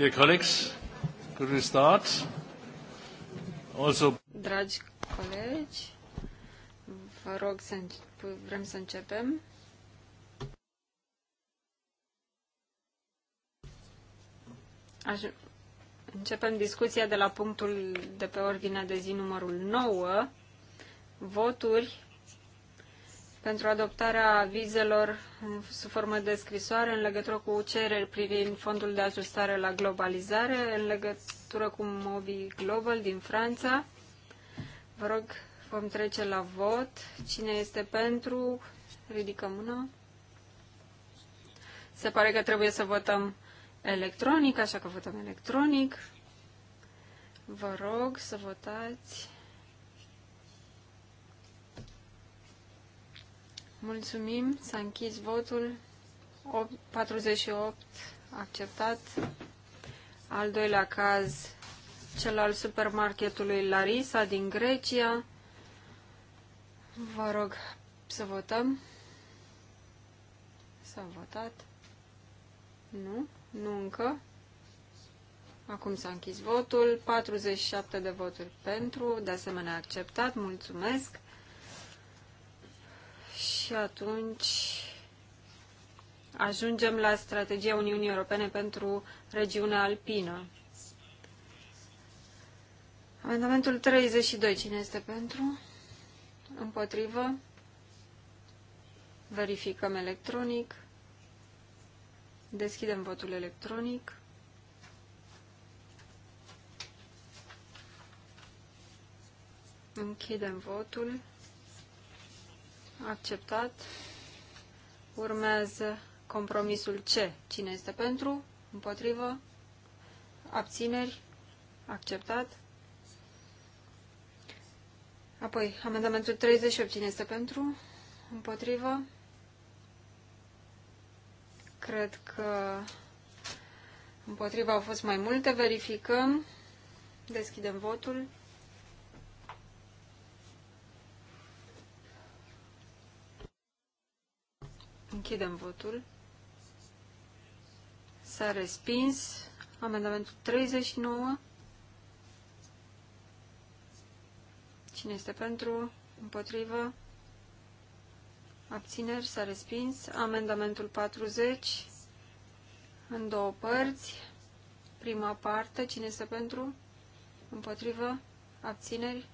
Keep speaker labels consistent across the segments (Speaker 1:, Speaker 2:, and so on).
Speaker 1: Dear colleagues, could we start? Also...
Speaker 2: Dragi colegi, vă rog să vrem să începem. Aș... Începem discuția de la punctul de pe ordinea de zi numărul 9, voturi pentru adoptarea vizelor sub formă de scrisoare în legătură cu cereri privind fondul de ajustare la globalizare, în legătură cu Mobi Global din Franța. Vă rog, vom trece la vot. Cine este pentru? Ridică mâna. Se pare că trebuie să votăm electronic, așa că votăm electronic. Vă rog să votați. Mulțumim. S-a închis votul. 8, 48 acceptat. Al doilea caz, cel al supermarketului Larisa din Grecia. Vă rog să votăm. S-a votat. Nu, nu încă. Acum s-a închis votul. 47 de voturi pentru, de asemenea acceptat. Mulțumesc. Și atunci ajungem la strategia Uniunii Europene pentru regiunea alpină. Amendamentul 32. Cine este pentru? Împotrivă? Verificăm electronic. Deschidem votul electronic. Închidem votul acceptat. Urmează compromisul C. Cine este pentru? Împotrivă? Abțineri? Acceptat. Apoi, amendamentul 38. Cine este pentru? Împotrivă? Cred că împotriva au fost mai multe. Verificăm. Deschidem votul. Închidem votul. S-a respins amendamentul 39. Cine este pentru? Împotrivă? Abțineri? S-a respins. Amendamentul 40 în două părți. Prima parte, cine este pentru? Împotrivă? Abțineri?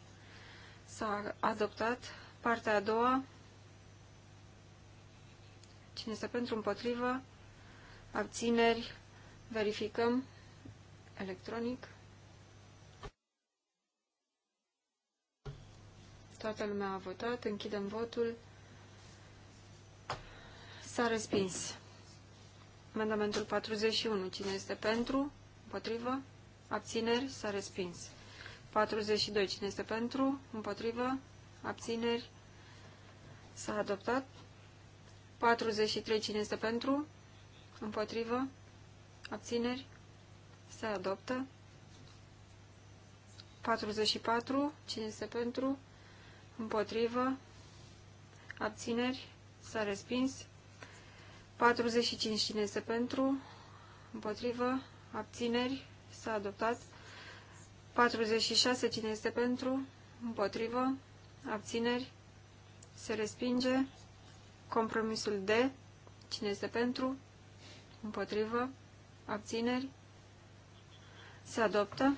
Speaker 2: S-a adoptat. Partea a doua, Cine este pentru, împotrivă, abțineri, verificăm electronic. Toată lumea a votat, închidem votul. S-a respins. Amendamentul 41. Cine este pentru? Împotrivă? Abțineri? S-a respins. 42. Cine este pentru? Împotrivă? Abțineri? S-a adoptat. 43. Cine este pentru? Împotrivă? Abțineri? Se adoptă. 44. Cine este pentru? Împotrivă? Abțineri? S-a respins. 45. Cine este pentru? Împotrivă? Abțineri? S-a adoptat. 46. Cine este pentru? Împotrivă? Abțineri? Se respinge. Compromisul D. Cine este pentru? Împotrivă? Abțineri? Se adoptă.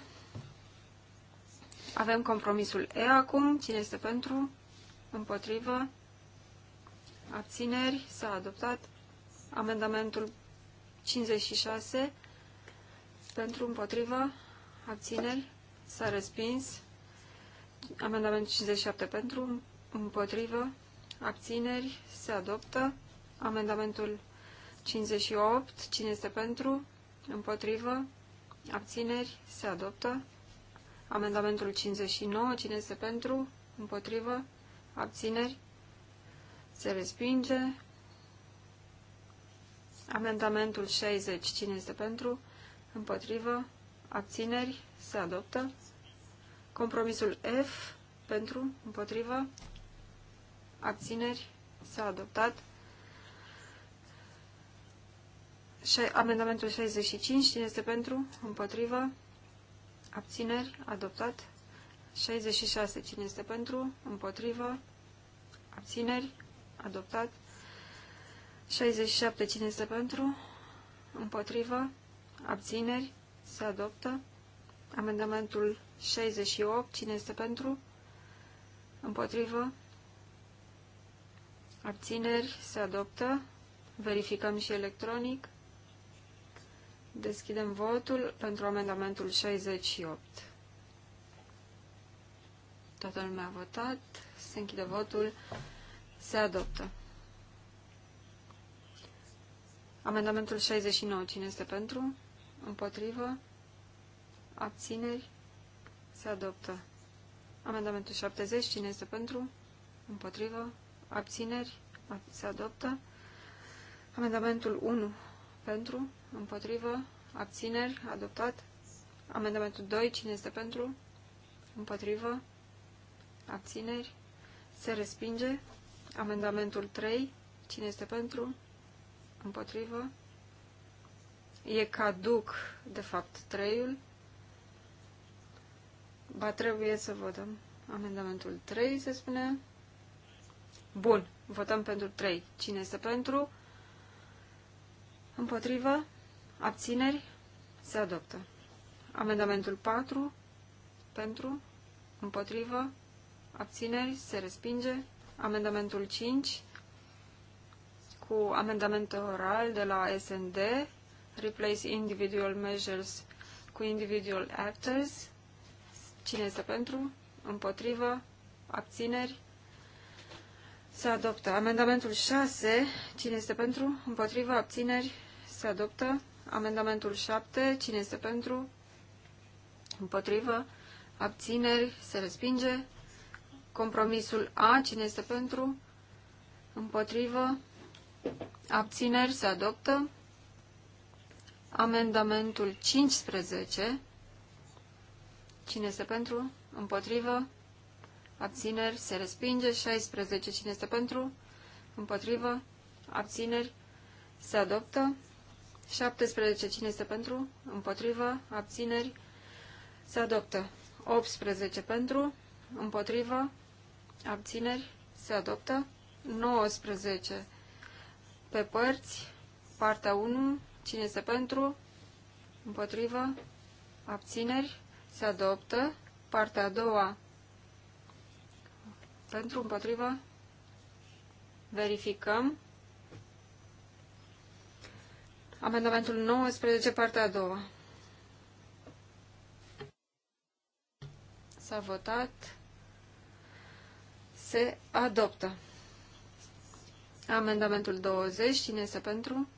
Speaker 2: Avem compromisul E acum. Cine este pentru? Împotrivă? Abțineri? S-a adoptat. Amendamentul 56. Pentru? Împotrivă? Abțineri? S-a respins. Amendamentul 57 pentru? Împotrivă? abțineri, se adoptă. Amendamentul 58, cine este pentru, împotrivă, abțineri, se adoptă. Amendamentul 59, cine este pentru, împotrivă, abțineri, se respinge. Amendamentul 60, cine este pentru, împotrivă, abțineri, se adoptă. Compromisul F, pentru, împotrivă, abțineri, s-a adoptat. Amendamentul 65, cine este pentru? Împotrivă. Abțineri, adoptat. 66, cine este pentru? Împotrivă. Abțineri, adoptat. 67, cine este pentru? Împotrivă. Abțineri, se adoptă. Amendamentul 68, cine este pentru? Împotrivă. Abțineri se adoptă. Verificăm și electronic. Deschidem votul pentru amendamentul 68. Toată lumea a votat. Se închide votul. Se adoptă. Amendamentul 69. Cine este pentru? Împotrivă? Abțineri? Se adoptă. Amendamentul 70. Cine este pentru? Împotrivă? abțineri, se adoptă. Amendamentul 1 pentru, împotrivă, abțineri, adoptat. Amendamentul 2, cine este pentru, împotrivă, abțineri, se respinge. Amendamentul 3, cine este pentru, împotrivă, e caduc, de fapt, 3-ul. Ba trebuie să votăm. Amendamentul 3, se spune. Bun. Votăm pentru 3. Cine este pentru? Împotrivă? Abțineri? Se adoptă. Amendamentul 4. Pentru? Împotrivă? Abțineri? Se respinge. Amendamentul 5. Cu amendament oral de la SND. Replace individual measures cu individual actors. Cine este pentru? Împotrivă? Abțineri? Se adoptă. Amendamentul 6. Cine este pentru? Împotrivă. Abțineri. Se adoptă. Amendamentul 7. Cine este pentru? Împotrivă. Abțineri. Se respinge. Compromisul A. Cine este pentru? Împotrivă. Abțineri. Se adoptă. Amendamentul 15. Cine este pentru? Împotrivă abțineri, se respinge. 16. Cine este pentru? Împotrivă, abțineri, se adoptă. 17. Cine este pentru? Împotrivă, abțineri, se adoptă. 18 pentru, împotrivă, abțineri, se adoptă. 19 pe părți, partea 1, cine este pentru, împotrivă, abțineri, se adoptă. Partea a doua, pentru, împotrivă, verificăm. Amendamentul 19, partea a doua. S-a votat. Se adoptă. Amendamentul 20, cine este pentru?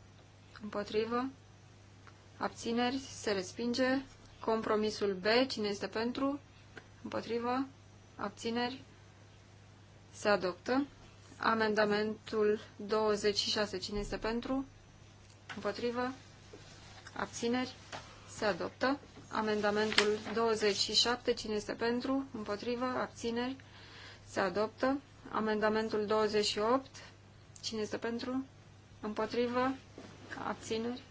Speaker 2: Împotrivă. Abțineri, se respinge. Compromisul B, cine este pentru? Împotrivă. Abțineri, se adoptă. Amendamentul 26. Cine este pentru? Împotrivă? Abțineri? Se adoptă. Amendamentul 27. Cine este pentru? Împotrivă? Abțineri? Se adoptă. Amendamentul 28. Cine este pentru? Împotrivă? Abțineri?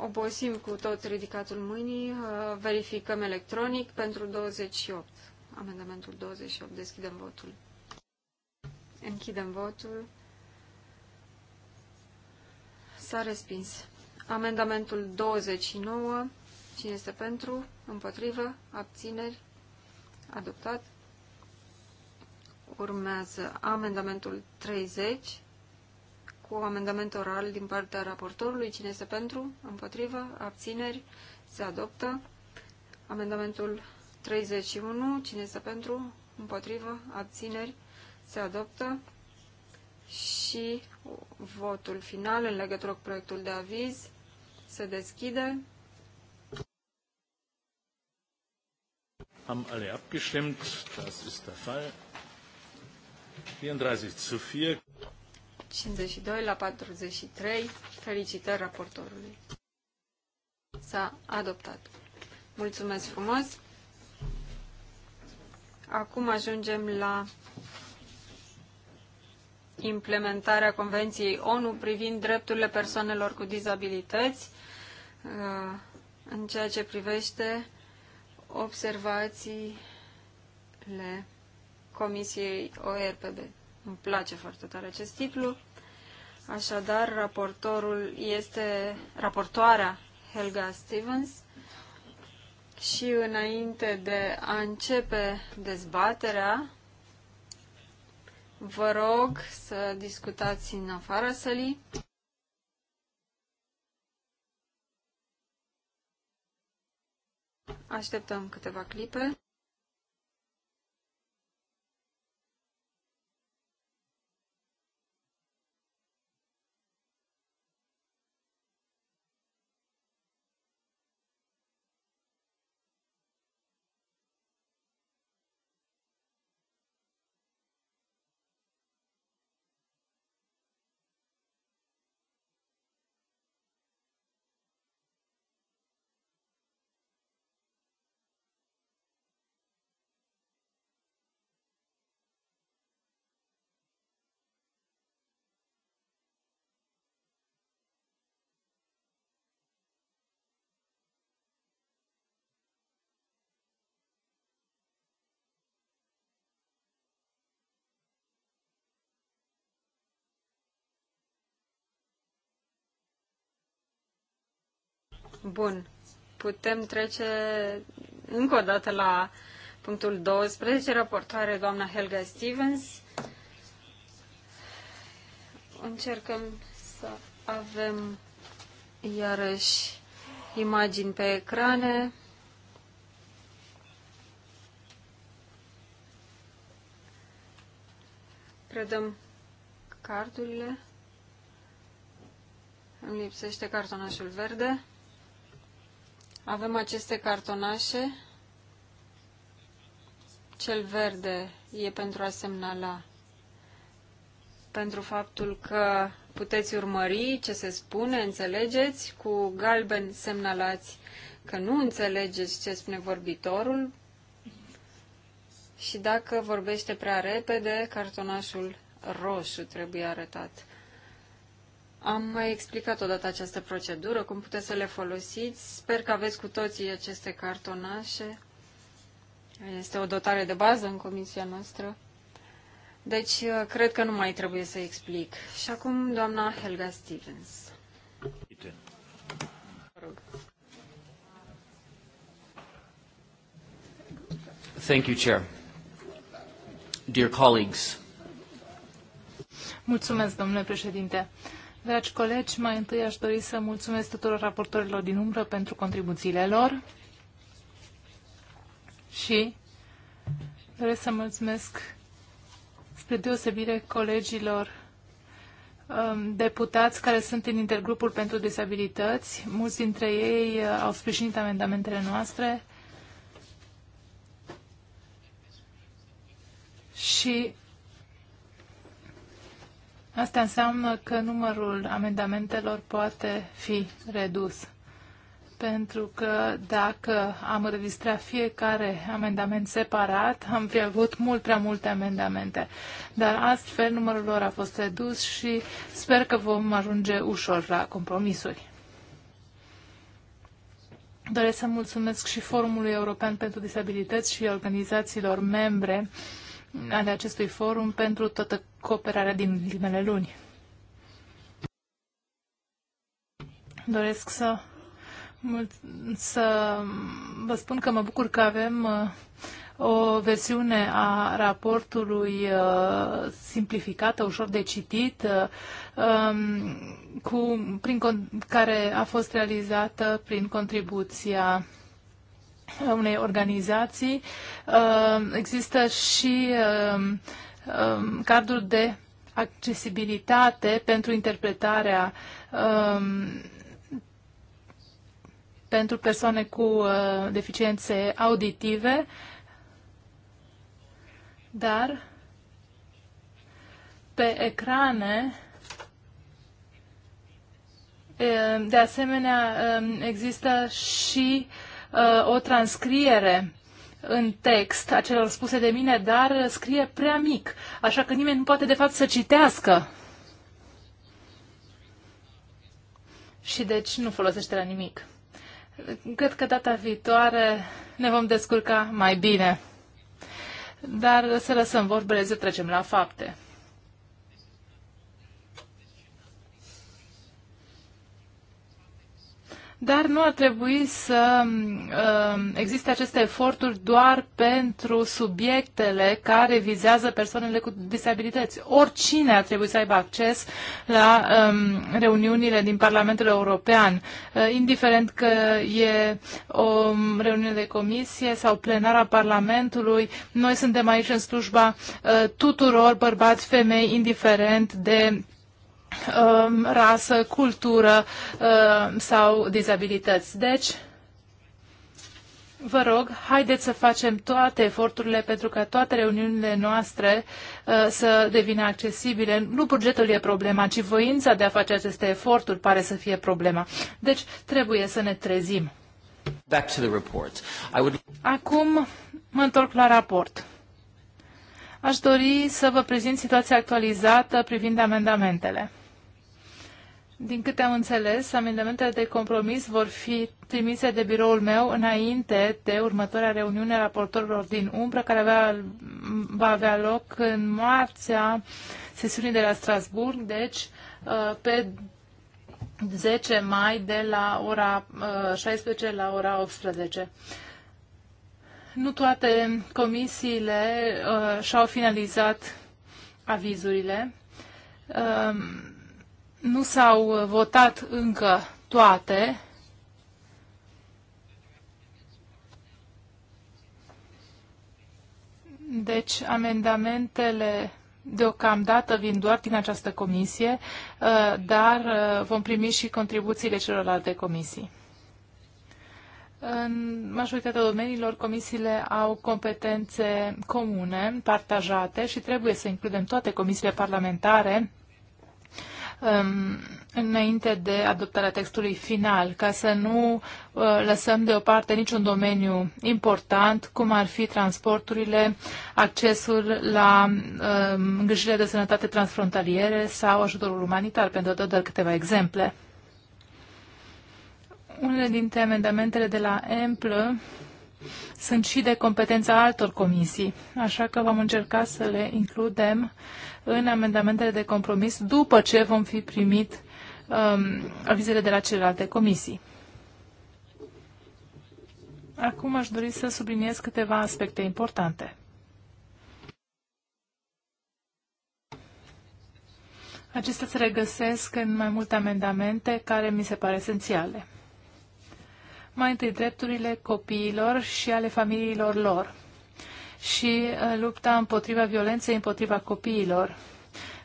Speaker 2: Obosim cu tot ridicatul mâinii. Verificăm electronic pentru 28. Amendamentul 28. Deschidem votul. Închidem votul. S-a respins. Amendamentul 29. Cine este pentru? Împotrivă? Abțineri? Adoptat. Urmează amendamentul 30 cu amendament oral din partea raportorului. Cine este pentru? Împotrivă? Abțineri? Se adoptă. Amendamentul 31. Cine este pentru? Împotrivă? Abțineri? Se adoptă. Și votul final în legătură cu proiectul de aviz se deschide.
Speaker 1: Am alle abgestimmt, das ist der Fall. 34 zu 4.
Speaker 2: 52 la 43. Felicitări raportorului. S-a adoptat. Mulțumesc frumos! Acum ajungem la implementarea Convenției ONU privind drepturile persoanelor cu dizabilități uh, în ceea ce privește observațiile Comisiei ORPB. Îmi place foarte tare acest titlu. Așadar, raportorul este raportoarea Helga Stevens și înainte de a începe dezbaterea, vă rog să discutați în afara sălii. Așteptăm câteva clipe. Bun. Putem trece încă o dată la punctul 12, raportoare doamna Helga Stevens. Încercăm să avem iarăși imagini pe ecrane. Predăm cardurile. Îmi lipsește cartonașul verde. Avem aceste cartonașe. Cel verde e pentru a semnala pentru faptul că puteți urmări ce se spune, înțelegeți, cu galben semnalați că nu înțelegeți ce spune vorbitorul și dacă vorbește prea repede, cartonașul roșu trebuie arătat. Am mai explicat odată această procedură, cum puteți să le folosiți. Sper că aveți cu toții aceste cartonașe. Este o dotare de bază în comisia noastră. Deci, uh, cred că nu mai trebuie să explic. Și acum, doamna Helga Stevens.
Speaker 1: Thank you, Chair. Dear colleagues. Mulțumesc, domnule președinte. Uh, Dragi colegi, mai întâi aș dori să mulțumesc tuturor raportorilor din umbră pentru contribuțiile lor și doresc să mulțumesc spre deosebire colegilor um, deputați care sunt în intergrupul pentru disabilități. Mulți dintre ei uh, au sprijinit amendamentele noastre și Asta înseamnă că numărul amendamentelor poate fi redus. Pentru că dacă am înregistrat fiecare amendament separat, am fi avut mult prea multe amendamente. Dar astfel numărul lor a fost redus și sper că vom ajunge ușor la compromisuri. Doresc să mulțumesc și Forumului European pentru Disabilități și organizațiilor membre da. ale acestui forum pentru toată cooperarea din ultimele luni. Doresc să, să vă spun că mă bucur că avem uh, o versiune a raportului uh, simplificată, ușor de citit, uh, um, cu, prin, care a fost realizată prin contribuția unei organizații. Uh, există și uh, um, cardul de accesibilitate pentru interpretarea um, pentru persoane cu uh, deficiențe auditive, dar pe ecrane de asemenea um, există și uh, Uh, o transcriere în text a celor spuse de mine, dar scrie prea mic, așa că nimeni nu poate de fapt să citească. Și deci nu folosește la nimic. Cred că data viitoare ne vom descurca mai bine. Dar să lăsăm vorbele, să trecem la fapte. dar nu ar trebui să uh, existe aceste eforturi doar pentru subiectele care vizează persoanele cu disabilități. Oricine ar trebui să aibă acces la um, reuniunile din Parlamentul European, uh, indiferent că e o um, reuniune de comisie sau plenara Parlamentului. Noi suntem aici în slujba uh, tuturor, bărbați, femei, indiferent de Um, rasă, cultură um, sau dizabilități. Deci, vă rog, haideți să facem toate eforturile pentru ca toate reuniunile noastre uh, să devină accesibile. Nu bugetul e problema, ci voința de a face aceste eforturi pare să fie problema. Deci, trebuie să ne trezim. Back to the report. I would... Acum mă întorc la raport. Aș dori să vă prezint situația actualizată privind amendamentele. Din câte am înțeles, amendamentele de compromis vor fi trimise de biroul meu înainte de următoarea reuniune a raportorilor din umbră, care avea, va avea loc în marțea sesiunii de la Strasburg, deci uh, pe 10 mai de la ora 16 uh, la ora 18. Nu toate comisiile uh, și-au finalizat avizurile. Uh, nu s-au uh, votat încă toate. Deci, amendamentele deocamdată vin doar din această comisie, uh, dar uh, vom primi și contribuțiile celorlalte comisii. În majoritatea domeniilor, comisiile au competențe comune, partajate și trebuie să includem toate comisiile parlamentare Um, înainte de adoptarea textului final, ca să nu uh, lăsăm deoparte niciun domeniu important, cum ar fi transporturile, accesul la um, îngrijire de sănătate transfrontaliere sau ajutorul umanitar, pentru a da doar câteva exemple. Unele dintre amendamentele de la EMPLă sunt și de competența altor comisii, așa că vom încerca să le includem în amendamentele de compromis după ce vom fi primit um, avizele de la celelalte comisii. Acum aș dori să subliniez câteva aspecte importante. Acestea se regăsesc în mai multe amendamente care mi se pare esențiale. Mai întâi drepturile copiilor și ale familiilor lor și uh, lupta împotriva violenței împotriva copiilor,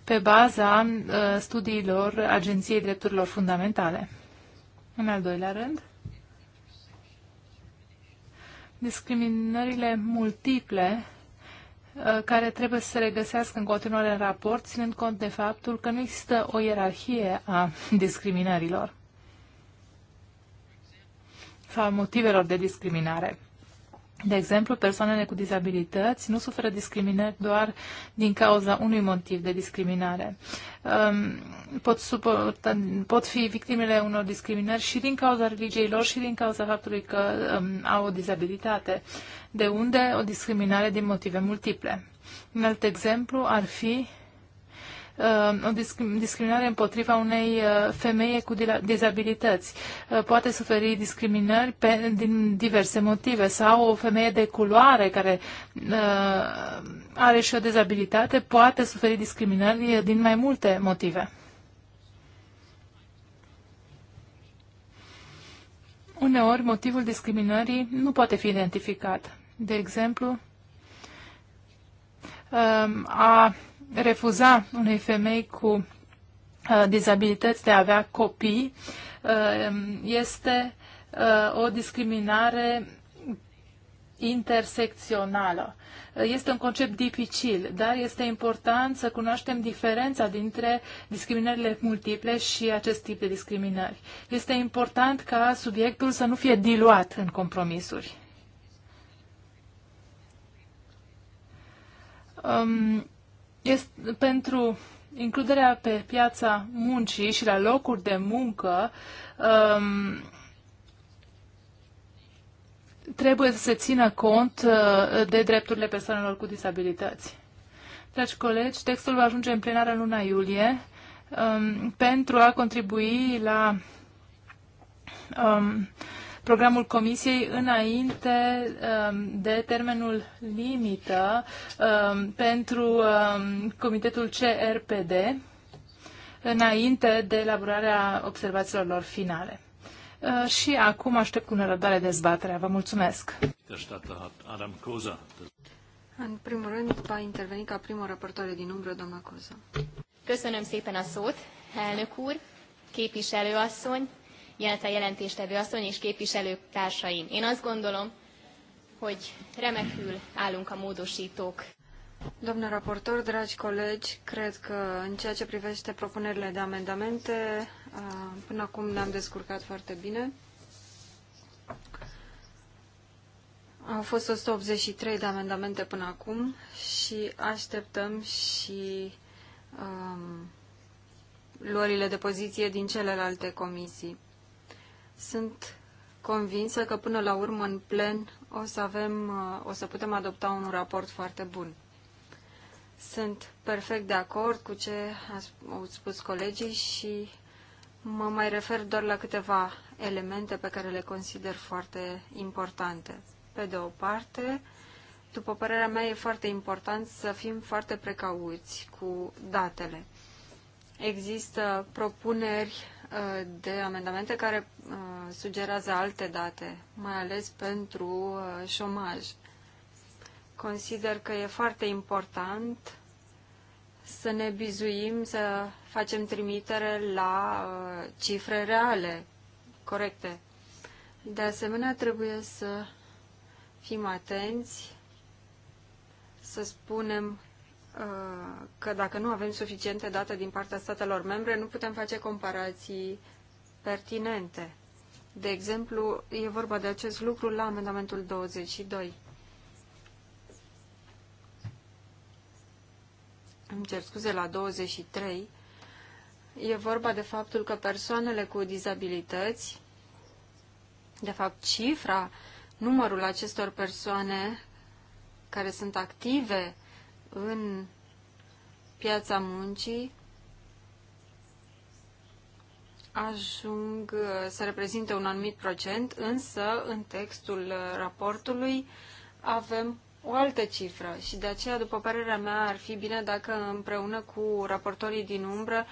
Speaker 1: pe baza uh, studiilor Agenției Drepturilor Fundamentale. În al doilea rând, discriminările multiple uh, care trebuie să se regăsească în continuare în raport, ținând cont de faptul că nu există o ierarhie a discriminărilor sau motivelor de discriminare. De exemplu, persoanele cu dizabilități nu suferă discriminări doar din cauza unui motiv de discriminare. Um, pot, suporta, pot fi victimele unor discriminări și din cauza religiei lor și din cauza faptului că um, au o dizabilitate, de unde o discriminare din motive multiple. Un alt exemplu ar fi Uh, o discriminare împotriva unei uh, femei cu dizabilități. Uh, poate suferi discriminări pe, din diverse motive sau o femeie de culoare care are și o dizabilitate poate suferi discriminări din mai multe motive. Uneori, motivul discriminării nu poate fi identificat. De exemplu, um, a refuza unei femei cu uh, dizabilități de a avea copii uh, este uh, o discriminare intersecțională. Este un concept dificil, dar este important să cunoaștem diferența dintre discriminările multiple și acest tip de discriminări. Este important ca subiectul să nu fie diluat în compromisuri. Um, este pentru includerea pe piața muncii și la locuri de muncă um, trebuie să se țină cont uh, de drepturile persoanelor cu disabilități. Dragi colegi, textul va ajunge în plenară în luna iulie um, pentru a contribui la um, programul Comisiei înainte um, de termenul limită um, pentru um, Comitetul CRPD, înainte de elaborarea observațiilor lor finale. Uh, și acum aștept cu nerăbdare dezbaterea. Vă mulțumesc!
Speaker 2: În primul rând va interveni ca primul raportoare din umbră, doamna Coza. Köszönöm
Speaker 1: szépen a szót, elnök úr, képviselőasszony, Jelce jelentéstevő asszony és képviselők társaim. Én azt gondolom, hogy remekül állunk
Speaker 2: a módosítók. Doamnă raportor, dragi colegi, cred că în ceea ce privește propunerile de amendamente, până acum ne-am descurcat foarte bine. Au fost 183 de amendamente până acum și așteptăm și um, luările de poziție din celelalte comisii. Sunt convinsă că până la urmă în plen o să avem, o să putem adopta un raport foarte bun. Sunt perfect de acord cu ce au spus colegii și mă mai refer doar la câteva elemente pe care le consider foarte importante. Pe de o parte, după părerea mea, e foarte important să fim foarte precauți cu datele. Există propuneri de amendamente care uh, sugerează alte date, mai ales pentru uh, șomaj. Consider că e foarte important să ne bizuim, să facem trimitere la uh, cifre reale, corecte. De asemenea, trebuie să fim atenți, să spunem Uh, că dacă nu avem suficiente date din partea statelor membre, nu putem face comparații pertinente. De exemplu, e vorba de acest lucru la amendamentul 22. Îmi cer scuze, la 23. E vorba de faptul că persoanele cu dizabilități, de fapt cifra, numărul acestor persoane care sunt active în piața muncii ajung uh, să reprezinte un anumit procent, însă în textul uh, raportului avem o altă cifră și de aceea, după părerea mea, ar fi bine dacă împreună cu raportorii din umbră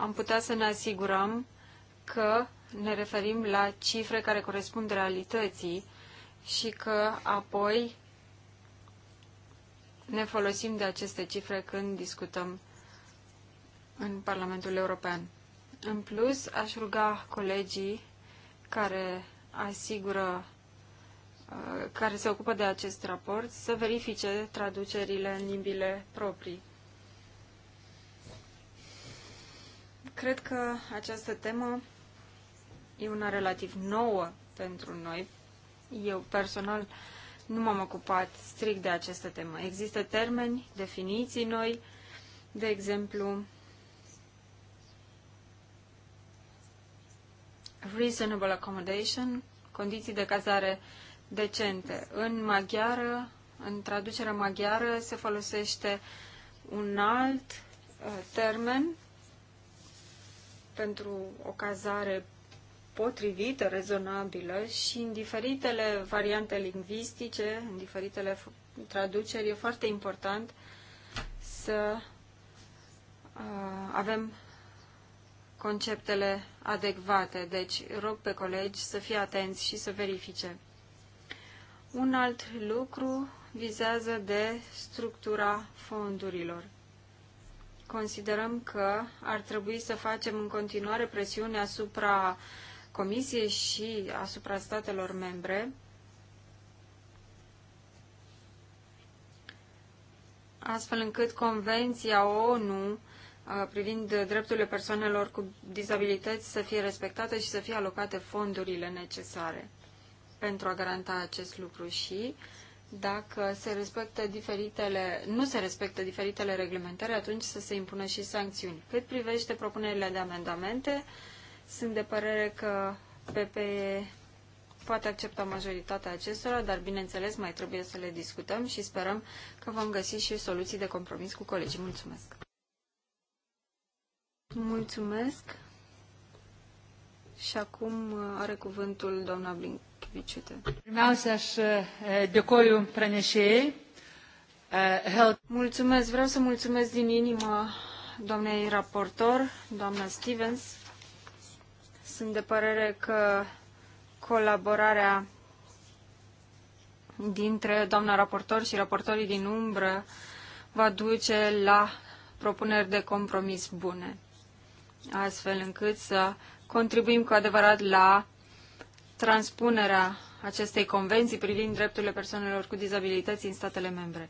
Speaker 2: am putea să ne asigurăm că ne referim la cifre care corespund realității și că apoi ne folosim de aceste cifre când discutăm în Parlamentul European. În plus, aș ruga colegii care asigură uh, care se ocupă de acest raport să verifice traducerile în limbile proprii. Cred că această temă e una relativ nouă pentru noi. Eu personal nu m-am ocupat strict de această temă. Există termeni, definiții noi, de exemplu, reasonable accommodation, condiții de cazare decente. În maghiară, în traducerea maghiară, se folosește un alt uh, termen pentru o cazare potrivită, rezonabilă și în diferitele variante lingvistice, în diferitele traduceri, e foarte important să avem conceptele adecvate. Deci rog pe colegi să fie atenți și să verifice. Un alt lucru vizează de structura fondurilor. Considerăm că ar trebui să facem în continuare presiune asupra uh, Comisiei și asupra statelor membre astfel încât Convenția ONU uh, privind drepturile persoanelor cu dizabilități să fie respectată și să fie alocate fondurile necesare pentru a garanta acest lucru și dacă se respectă diferitele, nu se respectă diferitele reglementări, atunci să se impună și sancțiuni. Cât privește propunerile de amendamente, sunt de părere că PP poate accepta majoritatea acestora, dar bineînțeles mai trebuie să le discutăm și sperăm că vom găsi și soluții de compromis cu colegii. Mulțumesc! Mulțumesc! Și acum uh, are cuvântul doamna Blinkviciute. Uh, uh, mulțumesc! Vreau să mulțumesc din inimă doamnei raportor, doamna Stevens, sunt de părere că colaborarea dintre doamna raportor și raportorii din umbră va duce la propuneri de compromis bune, astfel încât să contribuim cu adevărat la transpunerea acestei convenții privind drepturile persoanelor cu dizabilități în statele membre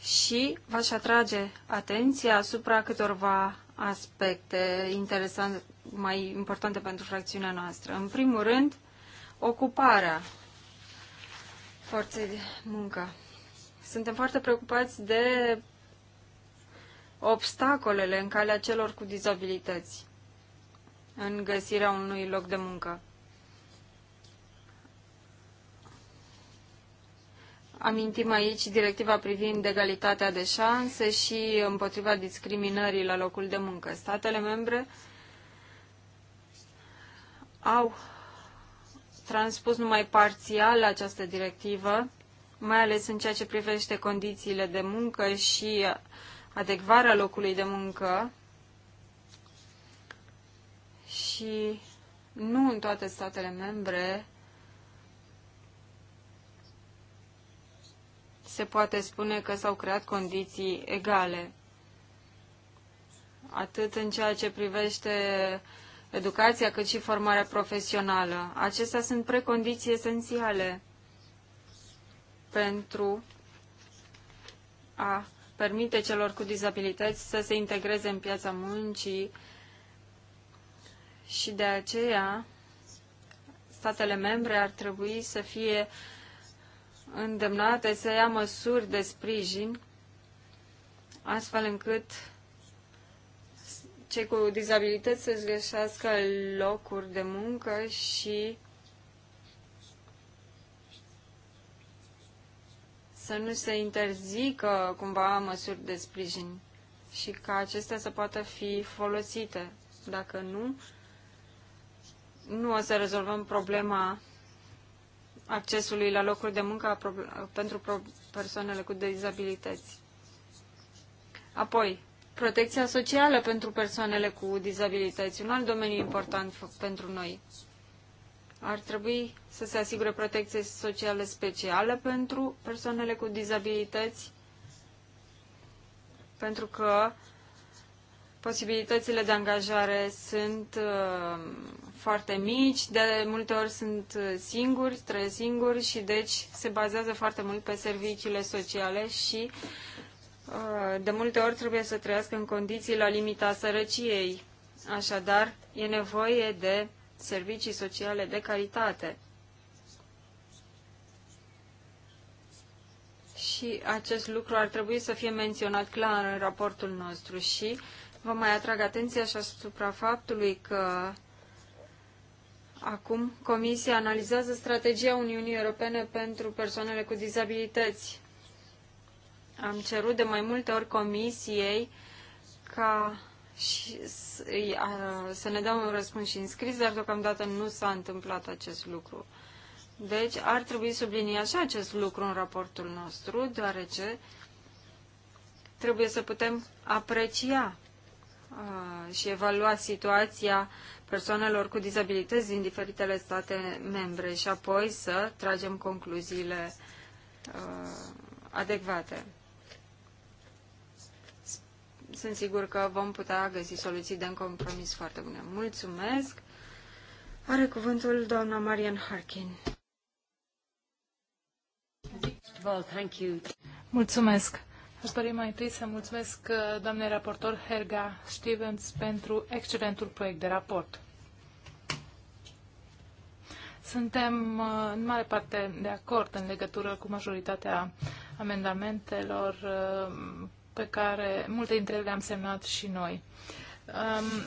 Speaker 2: și v-aș atrage atenția asupra câtorva aspecte interesante, mai importante pentru fracțiunea noastră. În primul rând, ocuparea forței de muncă. Suntem foarte preocupați de obstacolele în calea celor cu dizabilități în găsirea unui loc de muncă. Amintim aici directiva privind egalitatea de șanse și împotriva discriminării la locul de muncă. Statele membre au transpus numai parțial această directivă, mai ales în ceea ce privește condițiile de muncă și adecvarea locului de muncă și nu în toate statele membre se poate spune că s-au creat condiții egale. Atât în ceea ce privește educația, cât și formarea profesională. Acestea sunt precondiții esențiale pentru a permite celor cu dizabilități să se integreze în piața muncii și de aceea statele membre ar trebui să fie uh, îndemnate să ia măsuri de sprijin, astfel încât cei cu dizabilități să-și găsească locuri de muncă și să nu se interzică cumva măsuri de sprijin și ca acestea să poată fi folosite. Dacă nu, nu o să rezolvăm problema accesului la locuri de muncă pentru persoanele cu dizabilități. Apoi, protecția socială pentru persoanele cu dizabilități, un alt domeniu important pentru noi. Ar trebui să se asigure protecție socială specială pentru persoanele cu dizabilități, pentru că posibilitățile de angajare sunt uh, foarte mici, de multe ori sunt uh, singuri, trăiesc singuri și deci se bazează foarte mult pe serviciile sociale și uh, de multe ori trebuie să trăiască în condiții la limita sărăciei. Așadar, e nevoie de servicii sociale de calitate. Și acest lucru ar trebui să fie menționat clar în raportul nostru și vă mai atrag atenția și asupra faptului că Acum, Comisia analizează strategia Uniunii Europene pentru persoanele cu dizabilități. Am cerut de mai multe ori Comisiei ca și să ne dea un răspuns și scris, dar deocamdată nu s-a întâmplat acest lucru. Deci ar trebui sublinia și acest lucru în raportul nostru, deoarece trebuie să putem aprecia și evalua situația persoanelor cu dizabilități din diferitele state membre și apoi să tragem concluziile adecvate. Sunt sigur că vom putea găsi soluții de compromis foarte bune. Mulțumesc! Are cuvântul doamna Marian Harkin.
Speaker 1: Mulțumesc! Aș dori mai întâi să mulțumesc uh, doamnei raportor Helga Stevens pentru excelentul proiect de raport. Suntem uh, în mare parte de acord în legătură cu majoritatea amendamentelor uh, pe care multe dintre ele le-am semnat și noi. Um,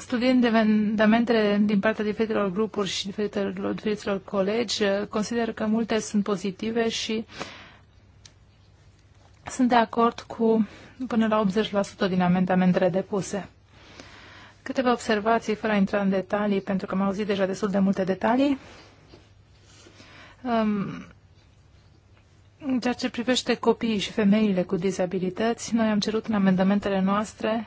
Speaker 1: studiind amendamentele din partea diferitelor grupuri și diferitelor, diferitelor colegi, consider că multe sunt pozitive și uh, sunt de acord cu până la 80% din amendamentele depuse. Câteva observații, fără a intra în detalii, pentru că am auzit deja destul de multe detalii. Um, în ceea ce privește copiii și femeile cu dizabilități, noi am cerut în amendamentele noastre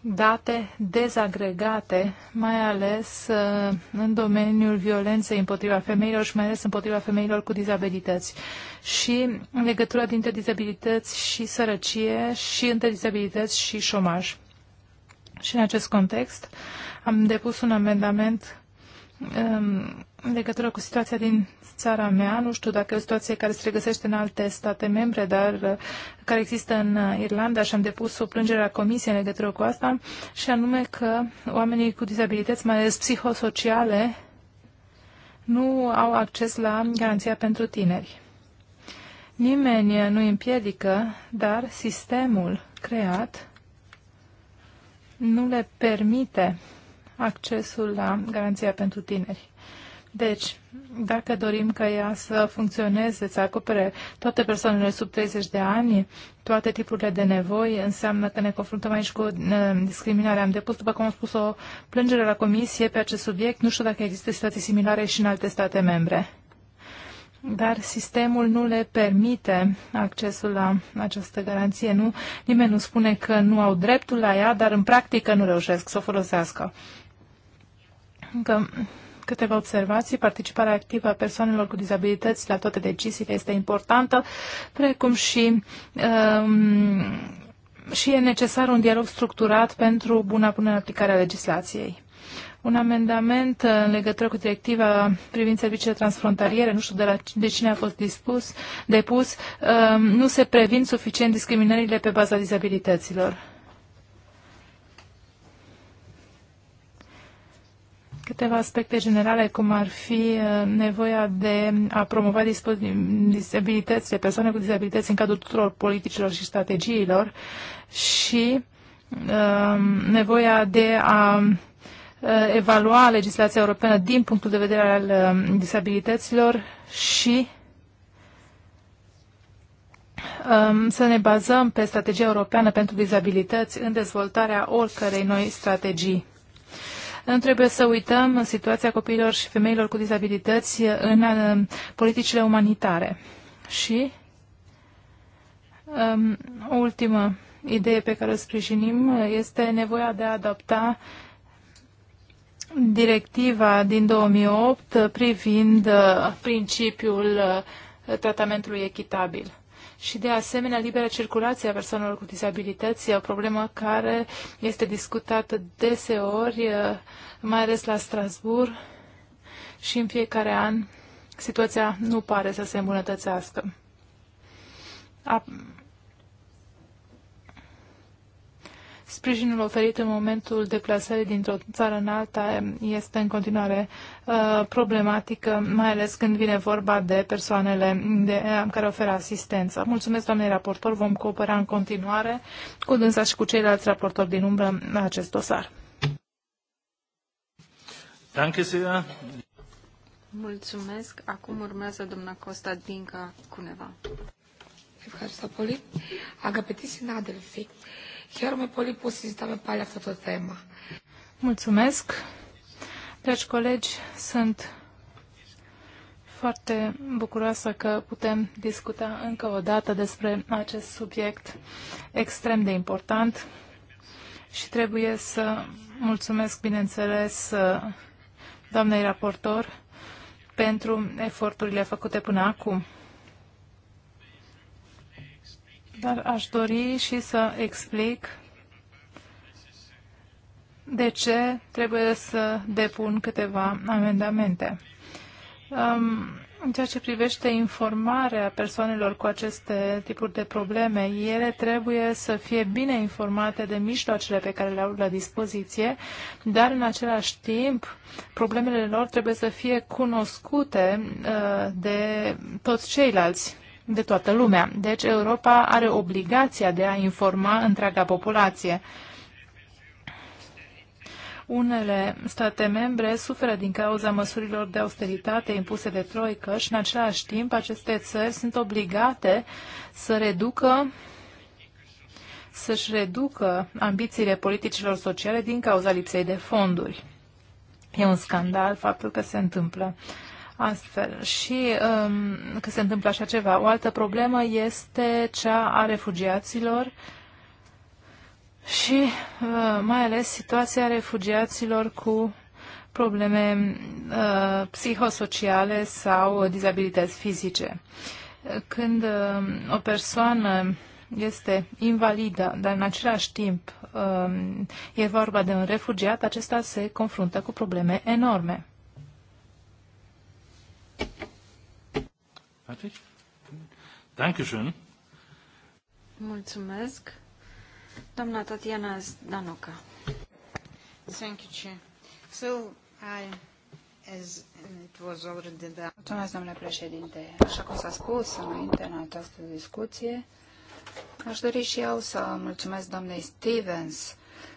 Speaker 1: date dezagregate, mai ales uh, în domeniul violenței împotriva femeilor și mai ales împotriva femeilor cu dizabilități. Și legătura dintre dizabilități și sărăcie și între dizabilități și șomaj. Și în acest context am depus un amendament um, în legătură cu situația din țara mea. Nu știu dacă e o situație care se regăsește în alte state membre, dar uh, care există în uh, Irlanda și am depus o plângere la comisie în legătură cu asta, și anume că oamenii cu dizabilități, mai ales psihosociale, nu au acces la garanția pentru tineri. Nimeni uh, nu împiedică, dar sistemul creat nu le permite accesul la garanția pentru tineri. Deci, dacă dorim ca ea să funcționeze, să acopere toate persoanele sub 30 de ani, toate tipurile de nevoi, înseamnă că ne confruntăm aici cu uh, discriminare. Am depus, după cum am spus, o plângere la comisie pe acest subiect. Nu știu dacă există situații similare și în alte state membre. Dar sistemul nu le permite accesul la această garanție. Nu, nimeni nu spune că nu au dreptul la ea, dar în practică nu reușesc să o folosească. Încă Câteva observații. Participarea activă a persoanelor cu dizabilități la toate deciziile este importantă, precum și um, și e necesar un dialog structurat pentru buna punere în aplicare a legislației un amendament uh, în legătură cu directiva privind serviciile transfrontaliere, nu știu de, la, de cine a fost dispus, depus, um, nu se previn suficient discriminările pe baza dizabilităților. Câteva aspecte generale, cum ar fi uh, nevoia de a promova disabilitățile, persoane cu dizabilități în cadrul tuturor politicilor și strategiilor și um, nevoia de a uh, evalua legislația europeană din punctul de vedere al um, disabilităților și um, să ne bazăm pe strategia europeană pentru dizabilități în dezvoltarea oricărei noi strategii. Nu trebuie să uităm situația copiilor și femeilor cu dizabilități în uh, politicile umanitare. Și um, o ultimă idee pe care o sprijinim este nevoia de a adapta directiva din 2008 privind uh, principiul uh, tratamentului echitabil și de asemenea libera circulație a persoanelor cu dizabilități, o problemă care este discutată deseori, mai ales la Strasbourg și în fiecare an situația nu pare să se îmbunătățească. A Sprijinul oferit în momentul deplasării dintr-o țară în alta este în continuare uh, problematică, mai ales când vine vorba de persoanele de, care oferă asistență. Mulțumesc, doamne raportor, vom coopera în continuare cu dânsa și cu ceilalți raportori din umbră la acest dosar. Danke
Speaker 2: Mulțumesc. Acum urmează doamna Costa Dinca Cuneva.
Speaker 1: Ευχαριστώ πολύ. Αγαπητοί συνάδελφοι, Χαίρομαι πολύ που συζητάμε πάλι αυτό το θέμα. Mulțumesc. Dragi colegi, sunt foarte bucuroasă că putem discuta încă o dată despre acest subiect extrem de important și trebuie să mulțumesc, bineînțeles, doamnei raportor pentru eforturile făcute până acum. Dar aș dori și să explic de ce trebuie să depun câteva amendamente. Um, în ceea ce privește informarea persoanelor cu aceste tipuri de probleme, ele trebuie să fie bine informate de mijloacele pe care le au la dispoziție, dar în același timp problemele lor trebuie să fie cunoscute uh, de toți ceilalți de toată lumea. Deci Europa are obligația de a informa întreaga populație. Unele state membre suferă din cauza măsurilor de austeritate impuse de Troică și în același timp aceste țări sunt obligate să reducă să-și reducă ambițiile politicilor sociale din cauza lipsei de fonduri. E un scandal faptul că se întâmplă astfel și um, că se întâmplă așa ceva. O altă problemă este cea a refugiaților și uh, mai ales situația refugiaților cu probleme uh, psihosociale sau dizabilități fizice. Când uh, o persoană este invalidă, dar în același timp uh, e vorba de un refugiat, acesta se confruntă cu probleme enorme. Fertig? Dankeschön.
Speaker 2: Mulțumesc. Doamna Tatiana Zdanoca.
Speaker 3: Thank you, Chair. So, I, as it was already done... Mulțumesc, domnule președinte. Așa cum s-a spus înainte în această discuție, aș dori și eu să mulțumesc doamnei Stevens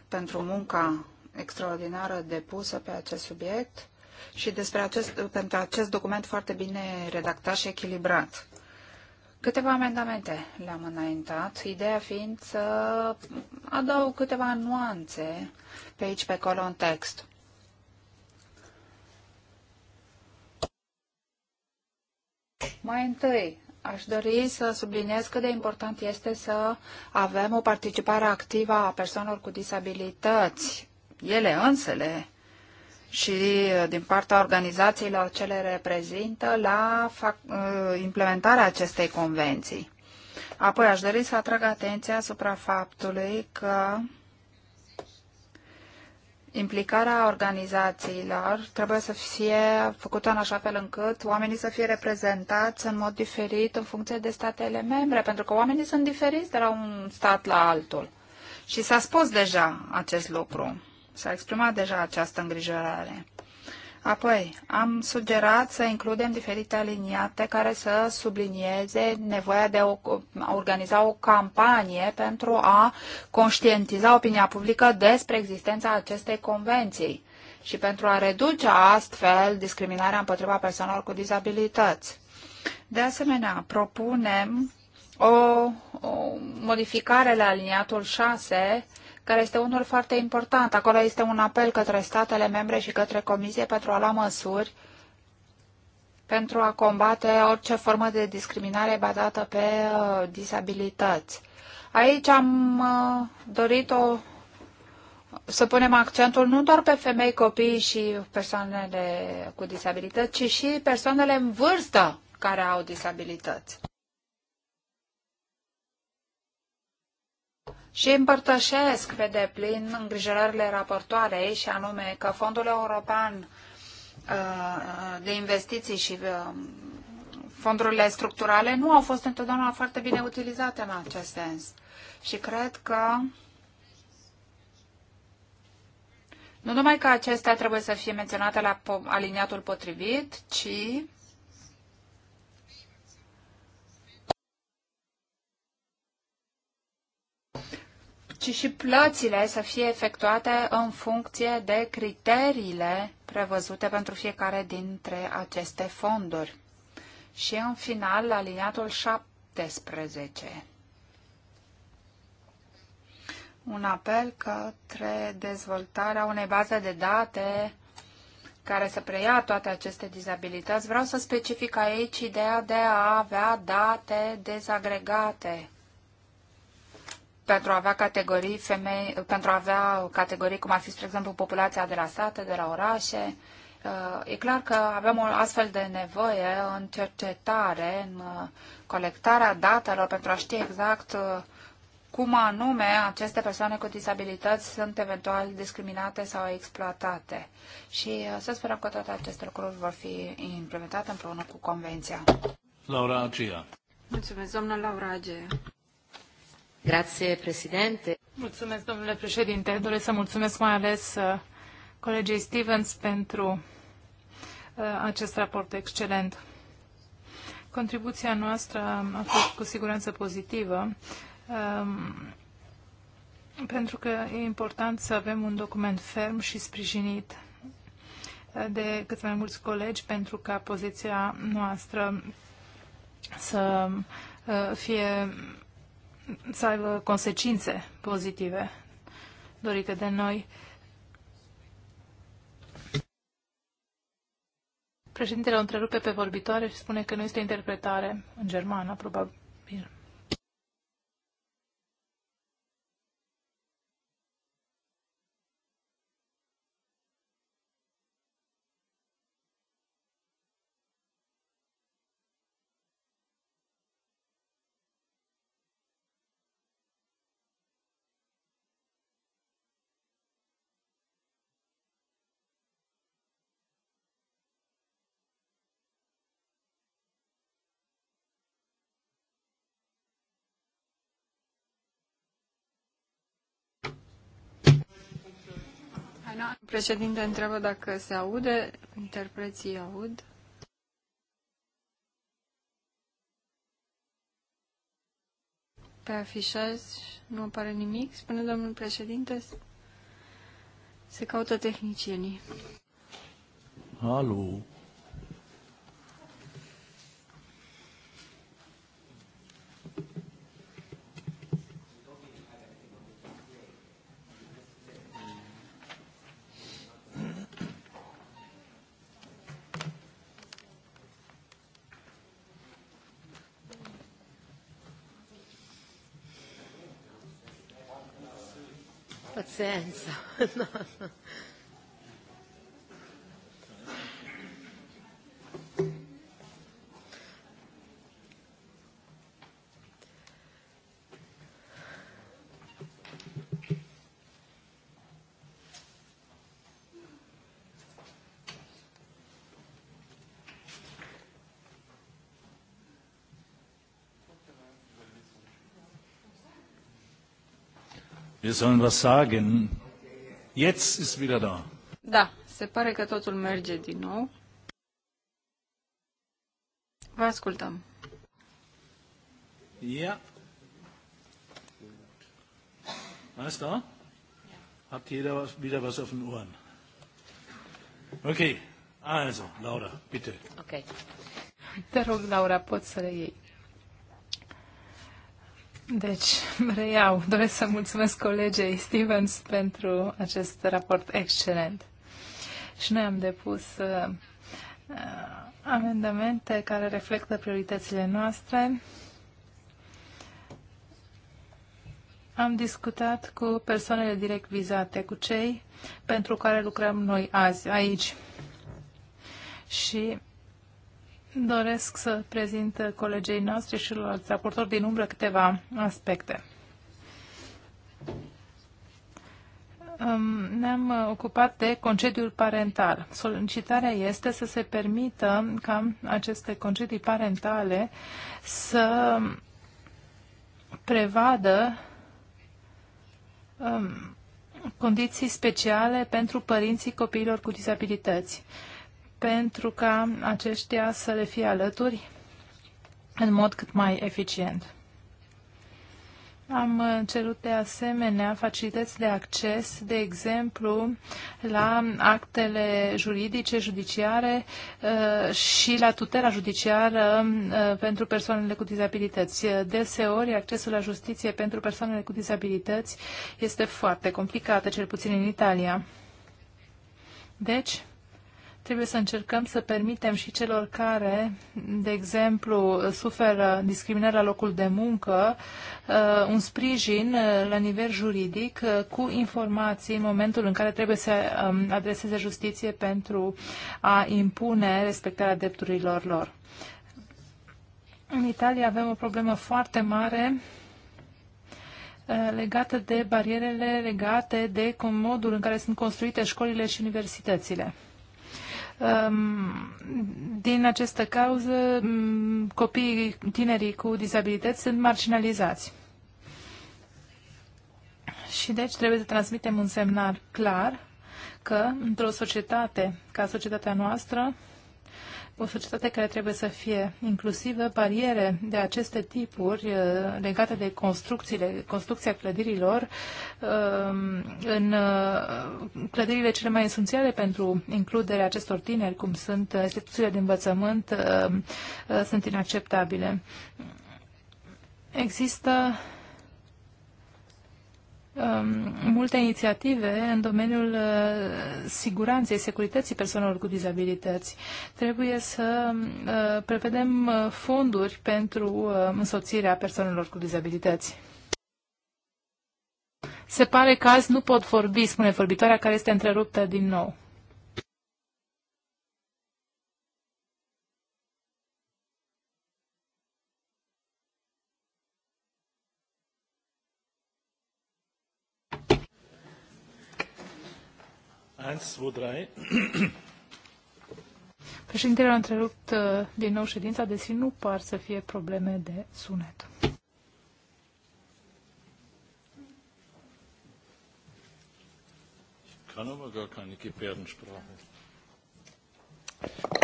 Speaker 3: pentru munca extraordinară depusă pe acest subiect și despre acest, pentru acest document foarte bine redactat și echilibrat. Câteva amendamente le-am înaintat, ideea fiind să adaug câteva nuanțe pe aici, pe acolo, în text. Mai întâi, aș dori să subliniez cât de important este să avem o participare activă a persoanelor cu disabilități. Ele însele și uh, din partea organizațiilor ce le reprezintă la uh, implementarea acestei convenții. Apoi aș dori să atrag atenția asupra faptului că implicarea organizațiilor trebuie să fie făcută în așa fel încât oamenii să fie reprezentați în mod diferit în funcție de statele membre, pentru că oamenii sunt diferiți de la un stat la altul. Și s-a spus deja acest lucru. S-a exprimat deja această îngrijorare. Apoi, am sugerat să includem diferite aliniate care să sublinieze nevoia de a organiza o campanie pentru a conștientiza opinia publică despre existența acestei convenții și pentru a reduce astfel discriminarea împotriva persoanelor cu dizabilități. De asemenea, propunem o, o modificare la aliniatul 6 care este unul foarte important. Acolo este un apel către statele membre și către Comisie pentru a lua măsuri pentru a combate orice formă de discriminare bazată pe uh, disabilități. Aici am uh, dorit o, să punem accentul nu doar pe femei, copii și persoanele cu disabilități, ci și persoanele în vârstă care au disabilități. și împărtășesc pe deplin îngrijorările raportoarei și anume că Fondul European uh, de Investiții și uh, fondurile structurale nu au fost întotdeauna foarte bine utilizate în acest sens. Și cred că nu numai că acestea trebuie să fie menționate la aliniatul potrivit, ci ci și plățile să fie efectuate în funcție de criteriile prevăzute pentru fiecare dintre aceste fonduri. Și în final, aliniatul 17. Un apel către dezvoltarea unei baze de date care să preia toate aceste dizabilități. Vreau să specific aici ideea de a avea date dezagregate pentru a avea categorii femei, pentru a avea categorii cum ar fi, spre exemplu, populația de la sate, de la orașe. Uh, e clar că avem o astfel de nevoie în cercetare, în uh, colectarea datelor pentru a ști exact uh, cum anume aceste persoane cu disabilități sunt eventual discriminate sau exploatate. Și să sperăm că toate aceste lucruri vor fi implementate împreună cu Convenția.
Speaker 1: Laura Agia.
Speaker 3: Mulțumesc, doamna Laura
Speaker 1: Agia. Grazie, Mulțumesc, domnule președinte. Doresc să mulțumesc mai ales uh, colegii Stevens pentru uh, acest raport excelent. Contribuția noastră a fost cu siguranță pozitivă, um, pentru că e important să avem un document ferm și sprijinit uh, de cât mai mulți colegi pentru ca poziția noastră să fie să aibă consecințe pozitive dorite de noi. Președintele o întrerupe pe vorbitoare și spune că nu este interpretare în germană, probabil.
Speaker 2: Președinte întreabă dacă se aude, interpreții aud. Pe afișaj nu apare nimic, spune domnul președinte. Se caută tehnicienii.
Speaker 1: Alo. senso. No, no. Wir sollen was sagen. Jetzt ist wieder da.
Speaker 2: Da, se pare că totul merge din nou. Vă ascultăm. Ja. Alles da? Habt jeder was, wieder was auf den Ohren? Okay, also, Laura,
Speaker 3: bitte.
Speaker 1: Okay. Te rog, Laura, poți să le iei. Deci, reiau, doresc să mulțumesc colegei Stevens pentru acest raport excelent. Și noi am depus uh, uh, amendamente care reflectă prioritățile noastre. Am discutat cu persoanele direct vizate, cu cei pentru care lucrăm noi azi, aici. Și Doresc să prezint colegei noastre și celorlalți raportori din umbră câteva aspecte. Ne-am ocupat de concediul parental. Solicitarea este să se permită ca aceste concedii parentale să prevadă um, condiții speciale pentru părinții copiilor cu dizabilități pentru ca aceștia să le fie alături în mod cât mai eficient. Am cerut de asemenea facilități de acces, de exemplu, la actele juridice, judiciare uh, și la tutela judiciară uh, pentru persoanele cu dizabilități. Deseori, accesul la justiție pentru persoanele cu dizabilități este foarte complicat, cel puțin în Italia. Deci, Trebuie să încercăm să permitem și celor care, de exemplu, suferă discriminare la locul de muncă, uh, un sprijin uh, la nivel juridic uh, cu informații în momentul în care trebuie să um, adreseze justiție pentru a impune respectarea drepturilor lor. În Italia avem o problemă foarte mare legată de barierele legate de modul în care sunt construite școlile și universitățile. Din această cauză, copiii tinerii cu dizabilități sunt marginalizați. Și deci trebuie să transmitem un semnal clar că într-o societate ca societatea noastră, o societate care trebuie să fie inclusivă, bariere de aceste tipuri uh, legate de construcțiile, construcția clădirilor um, în uh, clădirile cele mai esențiale pentru includerea acestor tineri, cum sunt instituțiile de învățământ, uh, sunt inacceptabile. Există Um, multe inițiative în domeniul uh, siguranței, securității persoanelor cu dizabilități. Trebuie să uh, prevedem uh, fonduri pentru însoțirea persoanelor cu dizabilități. Se pare că azi nu pot vorbi, spune vorbitoarea care este întreruptă din nou. Președintele a întrerupt uh, din nou ședința, deși nu par să fie probleme de sunet. Kann aber gar keine Gebärdensprache.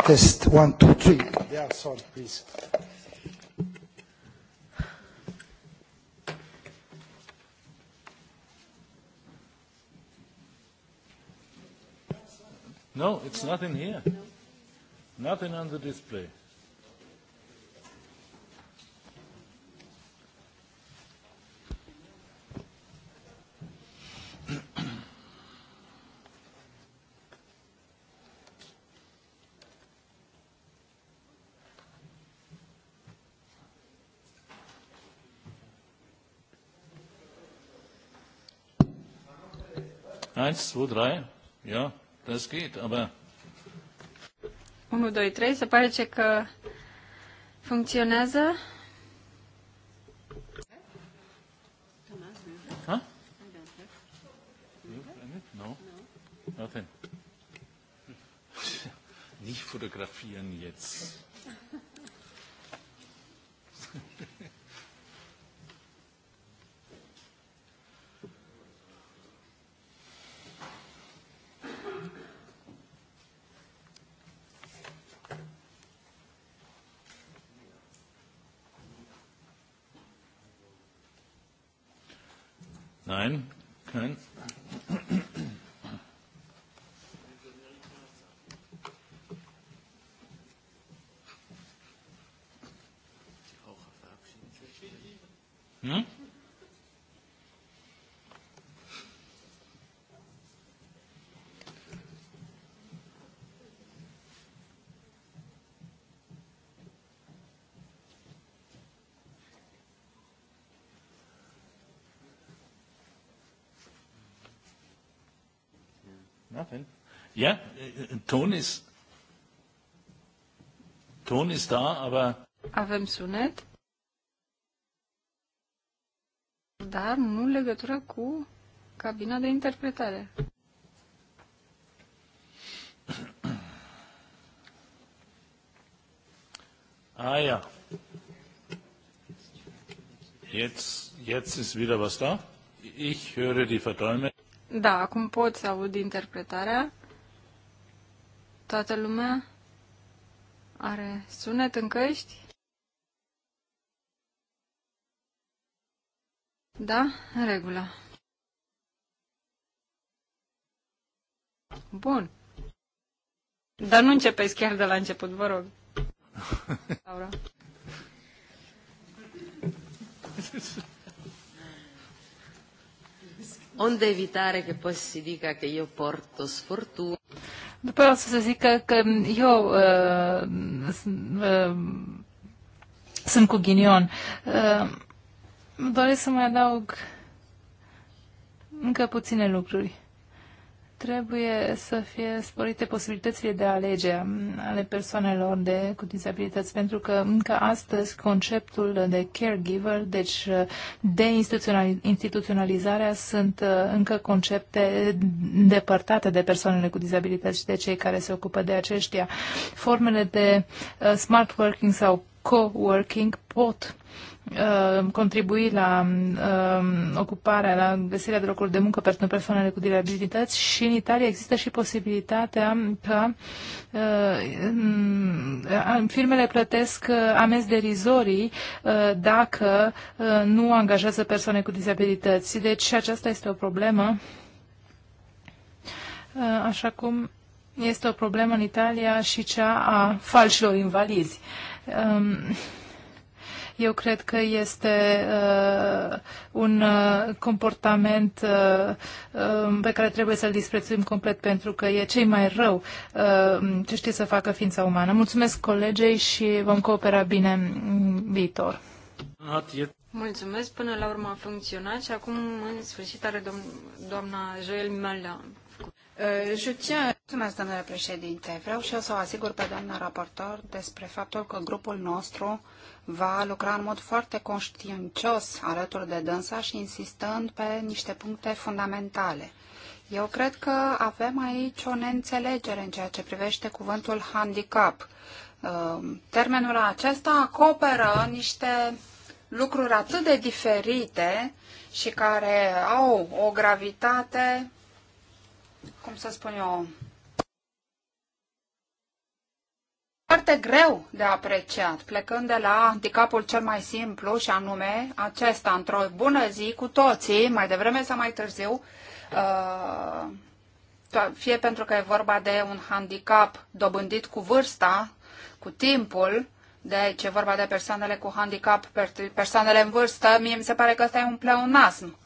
Speaker 1: Test 1, 2, 3. Yeah, sorry, please. No, it's nothing here. Nothing on the display. Eins, zwei, drei, ja. Das geht, aber...
Speaker 2: 1, 2, 3, se pare ce că funcționează.
Speaker 1: Ha? No? Warte. Nicht fotografieren jetzt. Nein? Kein? Nothing. Yeah, äh, äh, ton is ton is da, aber...
Speaker 2: Avem sunet, dar nu legătură cu cabina de interpretare.
Speaker 1: Ah ja. Jetzt, jetzt ist wieder was da. Ich höre die Verdäume.
Speaker 2: Da, acum pot să aud interpretarea. Toată lumea are sunet în căști? Da? În regulă. Bun. Dar nu începeți chiar de la început, vă rog. Laura.
Speaker 1: Unde evitare che poi si dica che io porto sfortuna. După o să se zică că eu uh, uh, sunt cu ghinion. Uh, doresc să mai adaug încă puține lucruri trebuie să fie sporite posibilitățile de alege ale persoanelor de, cu dizabilități, pentru că încă astăzi conceptul de caregiver, deci de instituționalizarea, sunt uh, încă concepte depărtate de persoanele cu dizabilități și de cei care se ocupă de aceștia. Formele de uh, smart working sau co-working pot uh, contribui la uh, ocuparea, la găsirea de locuri de muncă pentru persoanele cu dizabilități și în Italia există și posibilitatea ca uh, firmele plătesc uh, amenzi derizorii uh, dacă nu angajează persoane cu dizabilități. Deci aceasta este o problemă, așa cum este o problemă în Italia și cea a falșilor invalizi. Uh, Um, eu cred că este uh, un uh, comportament uh, uh, pe care trebuie să-l disprețuim complet pentru că e cei mai rău uh, ce știe să facă ființa umană. Mulțumesc colegei și vom coopera bine în viitor.
Speaker 2: Mulțumesc, până la urmă a funcționat și acum în sfârșit are doamna Joel Melan
Speaker 3: Uh, Mulțumesc, domnule președinte. Vreau și eu să o asigur pe doamna raportor despre faptul că grupul nostru va lucra în mod foarte conștiincios alături de dânsa și insistând pe niște puncte fundamentale. Eu cred că avem aici o neînțelegere în ceea ce privește cuvântul handicap. Uh, termenul acesta acoperă niște lucruri atât de diferite și care au o gravitate cum să spun eu, foarte greu de apreciat, plecând de la handicapul cel mai simplu și anume acesta, într-o bună zi cu toții, mai devreme sau mai târziu, uh, fie pentru că e vorba de un handicap dobândit cu vârsta, cu timpul, deci e vorba de persoanele cu handicap, persoanele în vârstă, mie mi se pare că ăsta e un pleonasm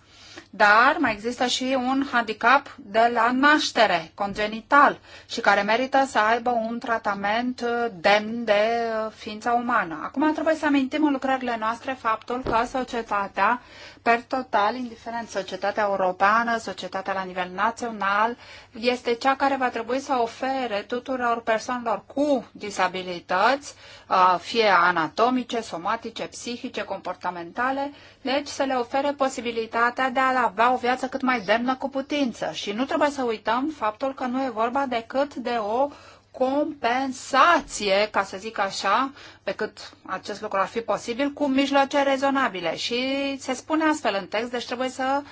Speaker 3: dar mai există și un handicap de la naștere, congenital, și care merită să aibă un tratament uh, demn de uh, ființa umană. Acum trebuie să amintim în lucrările noastre faptul că societatea per total, indiferent societatea europeană, societatea la nivel național, este cea care va trebui să ofere tuturor persoanelor cu disabilități, fie anatomice, somatice, psihice, comportamentale, deci să le ofere posibilitatea de a avea o viață cât mai demnă cu putință. Și nu trebuie să uităm faptul că nu e vorba decât de o compensație, ca să zic așa, pe cât acest lucru ar fi posibil, cu mijloace rezonabile. Și se spune astfel în text, deci trebuie să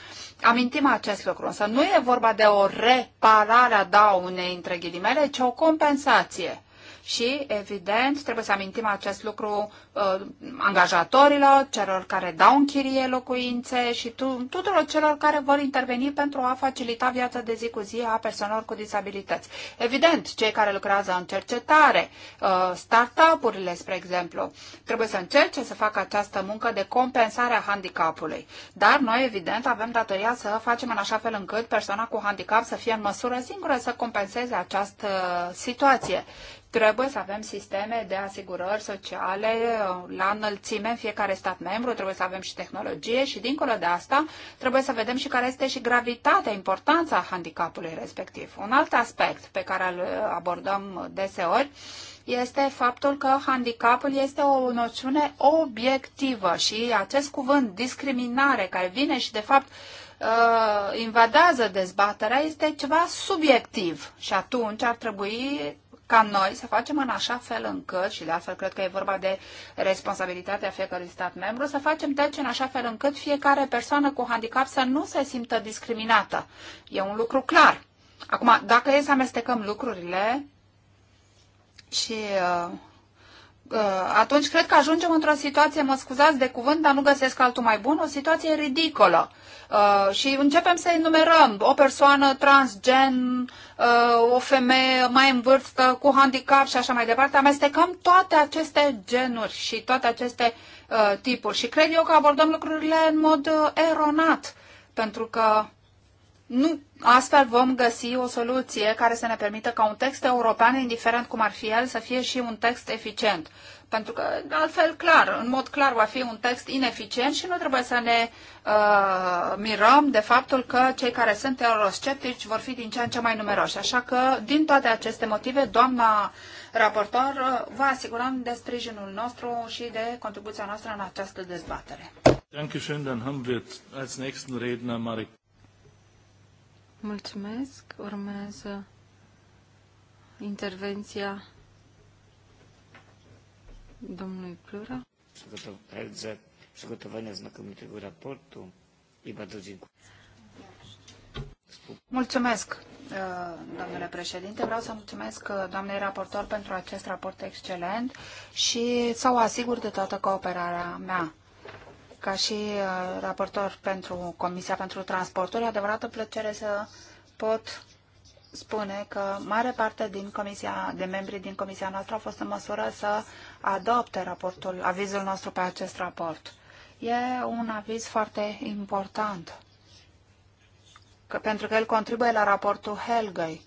Speaker 3: amintim acest lucru. Însă nu e vorba de o reparare a daunei, între ghilimele, ci o compensație și, evident, trebuie să amintim acest lucru uh, angajatorilor, celor care dau închirie chirie locuințe și tu, tuturor celor care vor interveni pentru a facilita viața de zi cu zi a persoanelor cu dizabilități. Evident, cei care lucrează în cercetare, uh, startup-urile, spre exemplu, trebuie să încerce să facă această muncă de compensare a handicapului. Dar noi, evident, avem datoria să facem în așa fel încât persoana cu handicap să fie în măsură singură să compenseze această uh, situație. Trebuie să avem sisteme de asigurări sociale la înălțime în fiecare stat membru, trebuie să avem și tehnologie și, dincolo de asta, trebuie să vedem și care este și gravitatea, importanța handicapului respectiv. Un alt aspect pe care îl abordăm deseori este faptul că handicapul este o noțiune obiectivă și acest cuvânt discriminare care vine și de fapt uh, invadează dezbaterea este ceva subiectiv și atunci ar trebui ca noi să facem în așa fel încât, și de altfel cred că e vorba de responsabilitatea fiecărui stat membru, să facem deci în așa fel încât fiecare persoană cu handicap să nu se simtă discriminată. E un lucru clar. Acum, dacă e să amestecăm lucrurile și uh, atunci cred că ajungem într-o situație, mă scuzați de cuvânt, dar nu găsesc altul mai bun, o situație ridicolă. Uh, și începem să enumerăm o persoană transgen, uh, o femeie mai în vârstă, cu handicap și așa mai departe. Amestecăm toate aceste genuri și toate aceste uh, tipuri. Și cred eu că abordăm lucrurile în mod uh, eronat, pentru că nu, astfel vom găsi o soluție care să ne permită ca un text european, indiferent cum ar fi el, să fie și un text eficient. Pentru că, altfel, clar, în mod clar, va fi un text ineficient și nu trebuie să ne uh, mirăm de faptul că cei care sunt eurosceptici vor fi din ce în ce mai numeroși. Așa că, din toate aceste motive, doamna raportor, uh, vă asigurăm de sprijinul nostru și de contribuția noastră în această dezbatere.
Speaker 1: Dankeschön, dann haben wir als nächsten Redner
Speaker 2: Mulțumesc. Urmează intervenția
Speaker 3: domnului Plura.
Speaker 2: Proiect znakomitego raportu i bardzo
Speaker 3: Mulțumesc, uh, domnule președinte. Vreau să mulțumesc uh, doamnei raportor pentru acest raport excelent și să o asigur de toată cooperarea mea ca și uh, raportor pentru Comisia pentru Transporturi, adevărată plăcere să pot spune că mare parte din comisia, de membri din comisia noastră au fost în măsură să adopte raportul, avizul nostru pe acest raport. E un aviz foarte important, că, pentru că el contribuie la raportul Helgei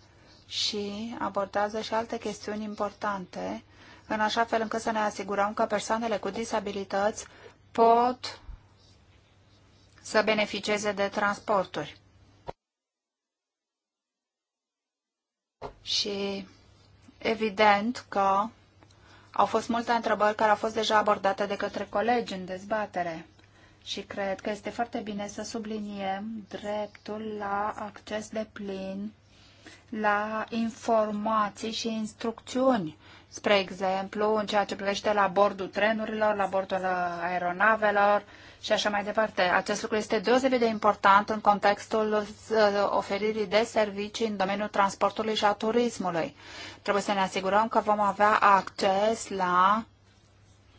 Speaker 3: și abordează și alte chestiuni importante, în așa fel încât să ne asigurăm că persoanele cu disabilități pot să beneficieze de transporturi. Și evident că au fost multe întrebări care au fost deja abordate de către colegi în dezbatere și cred că este foarte bine să subliniem dreptul la acces de plin la informații și instrucțiuni, spre exemplu, în ceea ce privește la bordul trenurilor, la bordul aeronavelor și așa mai departe. Acest lucru este deosebit de important în contextul uh, oferirii de servicii în domeniul transportului și a turismului. Trebuie să ne asigurăm că vom avea acces la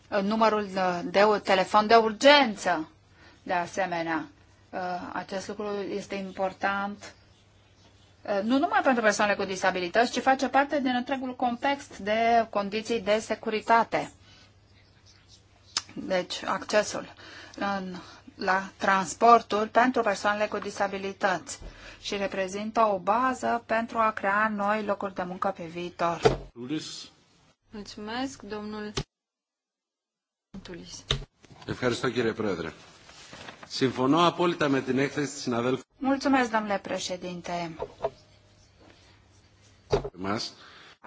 Speaker 3: uh, numărul uh, de telefon de urgență. De asemenea, acest lucru este important nu numai pentru persoanele cu disabilități, ci face parte din întregul context de condiții de securitate. Deci, accesul în, la transportul pentru persoanele cu disabilități și reprezintă o bază pentru a crea noi locuri de muncă pe viitor. Tulis. Mulțumesc, domnul Tulis. Mulțumesc, domnule președinte.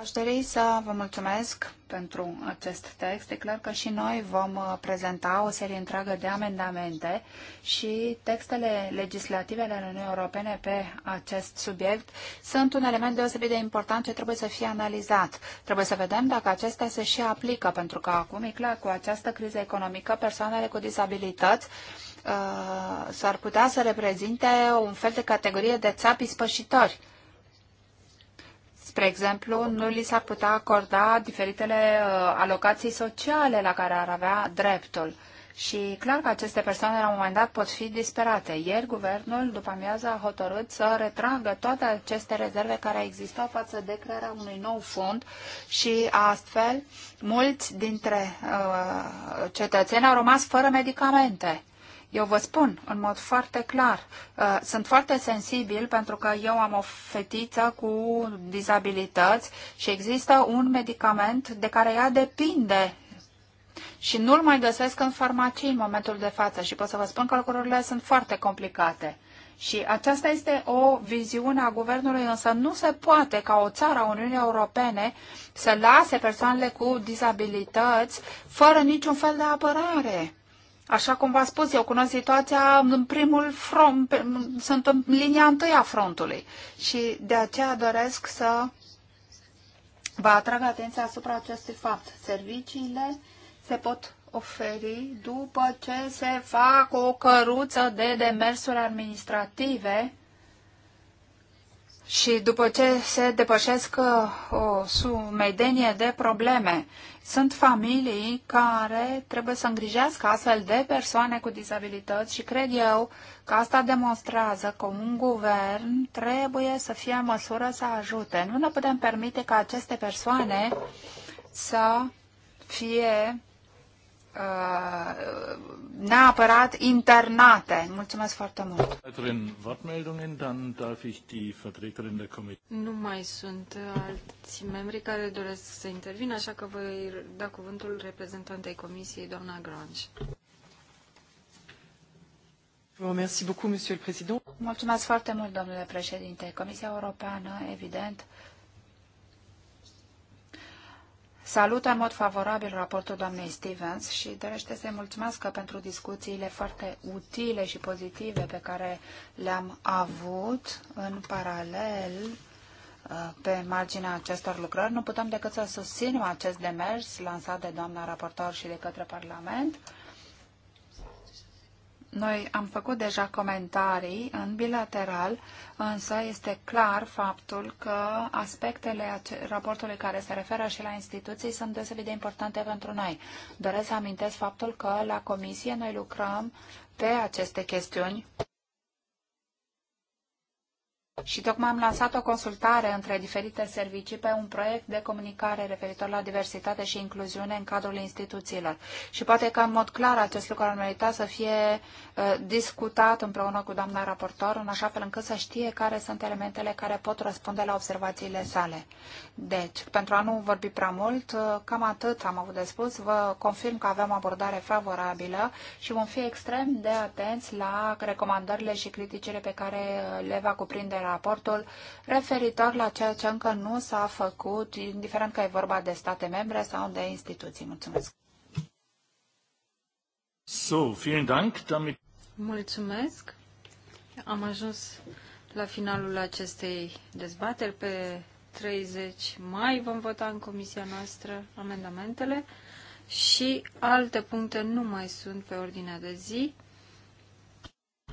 Speaker 3: Aș dori să vă mulțumesc pentru acest text. E clar că și noi vom uh, prezenta o serie întreagă de amendamente și textele legislative ale Uniunii Europene pe acest subiect sunt un element deosebit de important ce trebuie să fie analizat. Trebuie să vedem dacă acestea se și aplică, pentru că acum e clar, cu această criză economică, persoanele cu disabilități uh, s-ar putea să reprezinte un fel de categorie de țapi spășitori Spre exemplu, nu li s-ar putea acorda diferitele uh, alocații sociale la care ar avea dreptul. Și clar că aceste persoane la un moment dat pot fi disperate. Ieri, guvernul, după amiază, a hotărât să retragă toate aceste rezerve care existau față de crearea unui nou fond și astfel mulți dintre uh, cetățeni au rămas fără medicamente. Eu vă spun în mod foarte clar, uh, sunt foarte sensibil pentru că eu am o fetiță cu dizabilități și există un medicament de care ea depinde și nu-l mai găsesc în farmacii în momentul de față și pot să vă spun că lucrurile sunt foarte complicate. Și aceasta este o viziune a guvernului, însă nu se poate ca o țară a Uniunii Europene să lase persoanele cu dizabilități fără niciun fel de apărare. Așa cum v-am spus, eu cunosc situația în primul front, sunt în linia întâi a frontului și de aceea doresc să vă atrag atenția asupra acestui fapt. Serviciile se pot oferi după ce se fac o căruță de demersuri administrative și după ce se depășesc uh, o sumedenie de probleme, sunt familii care trebuie să îngrijească astfel de persoane cu dizabilități și cred eu că asta demonstrează că un guvern trebuie să fie în măsură să ajute. Nu ne putem permite ca aceste persoane să fie Uh, neapărat internate. Mulțumesc foarte mult.
Speaker 2: Nu mai sunt alți membri care doresc să intervină, așa că voi
Speaker 3: da cuvântul reprezentantei Comisiei, doamna Grange. Mulțumesc foarte mult, domnule președinte. Comisia Europeană, evident, salută în mod favorabil raportul doamnei Stevens și dorește să-i mulțumesc pentru discuțiile foarte utile și pozitive pe care le-am avut în paralel uh, pe marginea acestor lucrări. Nu putem decât să susținem acest demers lansat de doamna raportor și de către Parlament noi am făcut deja comentarii în bilateral, însă este clar faptul că aspectele raportului care se referă și la instituții sunt deosebit de importante pentru noi. Doresc să amintesc faptul că la comisie noi lucrăm pe aceste chestiuni. Și tocmai am lansat o consultare între diferite servicii pe un proiect de comunicare referitor la diversitate și incluziune în cadrul instituțiilor. Și poate că în mod clar acest lucru ar merita să fie uh, discutat împreună cu doamna raportor, în așa fel încât să știe care sunt elementele care pot răspunde la observațiile sale. Deci, pentru a nu vorbi prea mult, ă, cam atât am avut de spus. Vă confirm că avem abordare favorabilă și vom fi extrem de atenți la recomandările și criticile pe care ă, le va cuprinde raportul referitor la ceea ce încă nu s-a făcut, indiferent că e vorba de state membre sau de instituții. Mulțumesc!
Speaker 1: So, vielen Dank, damit...
Speaker 2: Mulțumesc! Am ajuns la finalul acestei dezbateri. Pe 30 mai vom vota în comisia noastră amendamentele și alte puncte nu mai sunt pe ordinea de zi.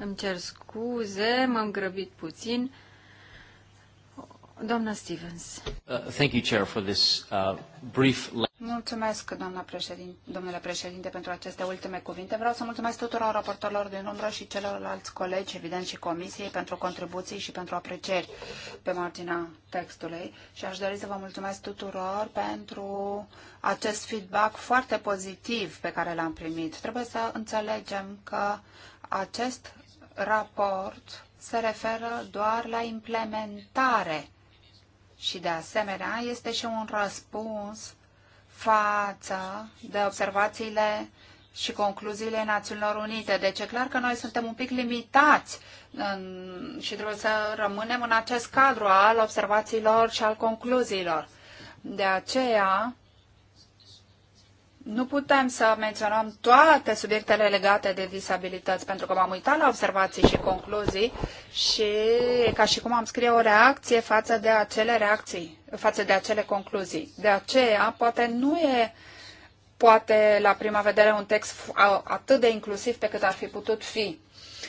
Speaker 2: Îmi cer scuze, m-am grăbit puțin.
Speaker 3: Doamna Stevens.
Speaker 2: Uh, thank you, Chair, for this uh, brief...
Speaker 3: Mulțumesc, doamna președinte, domnule președinte, pentru aceste ultime cuvinte. Vreau să mulțumesc tuturor raportorilor din umbră și celorlalți colegi, evident, și comisiei pentru contribuții și pentru aprecieri pe marginea textului. Și aș dori să vă mulțumesc tuturor pentru acest feedback foarte pozitiv pe care l-am primit. Trebuie să înțelegem că acest raport se referă doar la implementare și de asemenea este și un răspuns față de observațiile și concluziile Națiunilor Unite. Deci e clar că noi suntem un pic limitați în, și trebuie să rămânem în acest cadru al observațiilor și al concluziilor. De aceea, nu putem să menționăm toate subiectele legate de disabilități, pentru că m-am uitat la observații și concluzii și ca și cum am scrie o reacție față de acele reacții, față de acele concluzii. De aceea, poate nu e poate la prima vedere un text atât de inclusiv pe cât ar fi putut fi.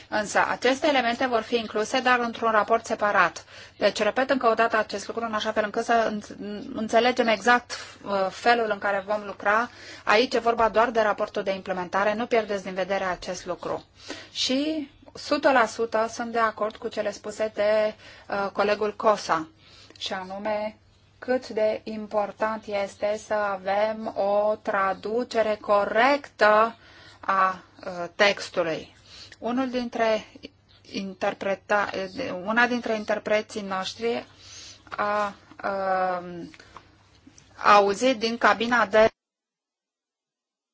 Speaker 3: Însă aceste elemente vor fi incluse, dar într-un raport separat. Deci repet încă o dată acest lucru în așa fel încât să înțelegem exact uh, felul în care vom lucra. Aici e vorba doar de raportul de implementare, nu pierdeți din vedere acest lucru. Și 100% sunt de acord cu cele spuse de uh, colegul Cosa, și anume cât de important este să avem o traducere corectă a uh, textului. Unul dintre interpreta, una dintre interpreții noștri a, a, um, a auzit din cabina de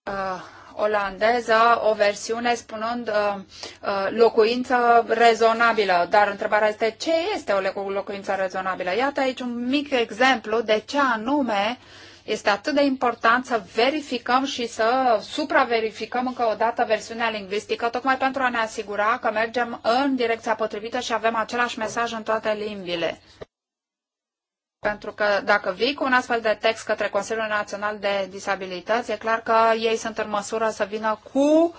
Speaker 3: a, uh, olandeză o versiune spunând a, uh, a, uh, locuință rezonabilă, dar întrebarea este ce este o locuință rezonabilă. Iată aici un mic exemplu de ce anume este atât de important să verificăm și să supraverificăm încă o dată versiunea lingvistică, tocmai pentru a ne asigura că mergem în direcția potrivită și avem același mesaj în toate limbile. Pentru că dacă vii cu un astfel de text către Consiliul Național de Disabilități, e clar că ei sunt în măsură să vină cu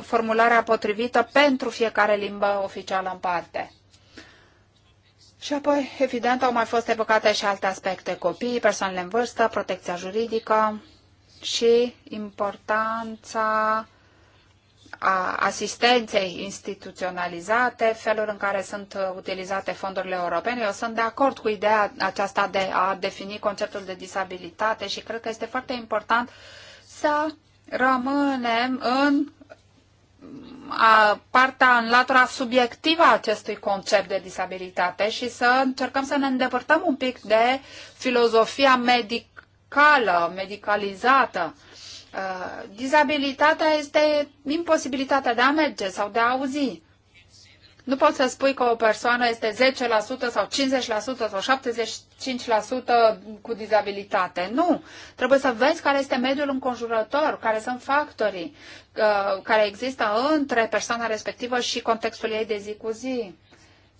Speaker 3: formularea potrivită pentru fiecare limbă oficială în parte. Și apoi, evident, au mai fost evocate și alte aspecte, copiii, persoanele în vârstă, protecția juridică și importanța a asistenței instituționalizate, felul în care sunt utilizate fondurile europene. Eu sunt de acord cu ideea aceasta de a defini conceptul de disabilitate și cred că este foarte important să rămânem în a, partea, în latura subiectivă a acestui concept de disabilitate și să încercăm să ne îndepărtăm un pic de filozofia medicală, medicalizată. Dizabilitatea este imposibilitatea de a merge sau de a auzi. Nu poți să spui că o persoană este 10% sau 50% sau 75% cu dizabilitate. Nu! Trebuie să vezi care este mediul înconjurător, care sunt factorii uh, care există între persoana respectivă și contextul ei de zi cu zi.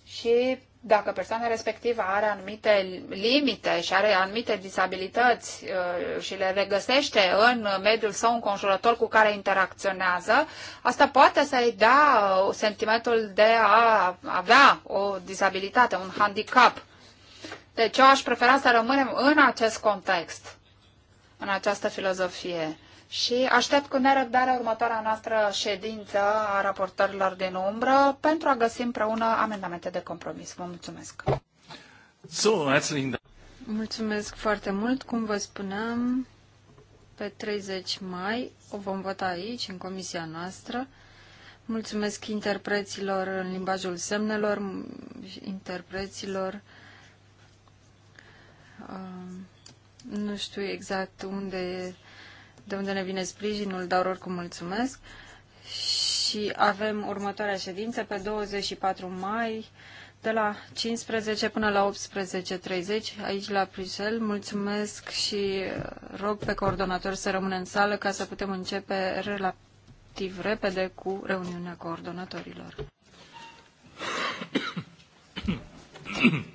Speaker 3: Și dacă persoana respectivă are anumite limite și are anumite disabilități uh, și le regăsește în mediul său înconjurător cu care interacționează, asta poate să-i dea uh, sentimentul de a avea o disabilitate, un handicap. Deci eu aș prefera să rămânem în acest context, în această filozofie și aștept cu nerăbdare următoarea noastră ședință a raportărilor din umbră pentru a găsi împreună amendamente de compromis. Vă mulțumesc! So, Mulțumesc foarte mult. Cum vă spuneam,
Speaker 2: pe 30 mai o vom vota aici, în comisia noastră. Mulțumesc interpreților în limbajul semnelor, interpreților. Uh, nu știu exact unde de unde ne vine sprijinul, dar oricum mulțumesc. Și avem următoarea ședință pe 24 mai de la 15 până la 18.30 aici la Prisel. Mulțumesc și uh, rog pe coordonator să rămână în sală ca să putem începe relativ repede cu reuniunea coordonatorilor.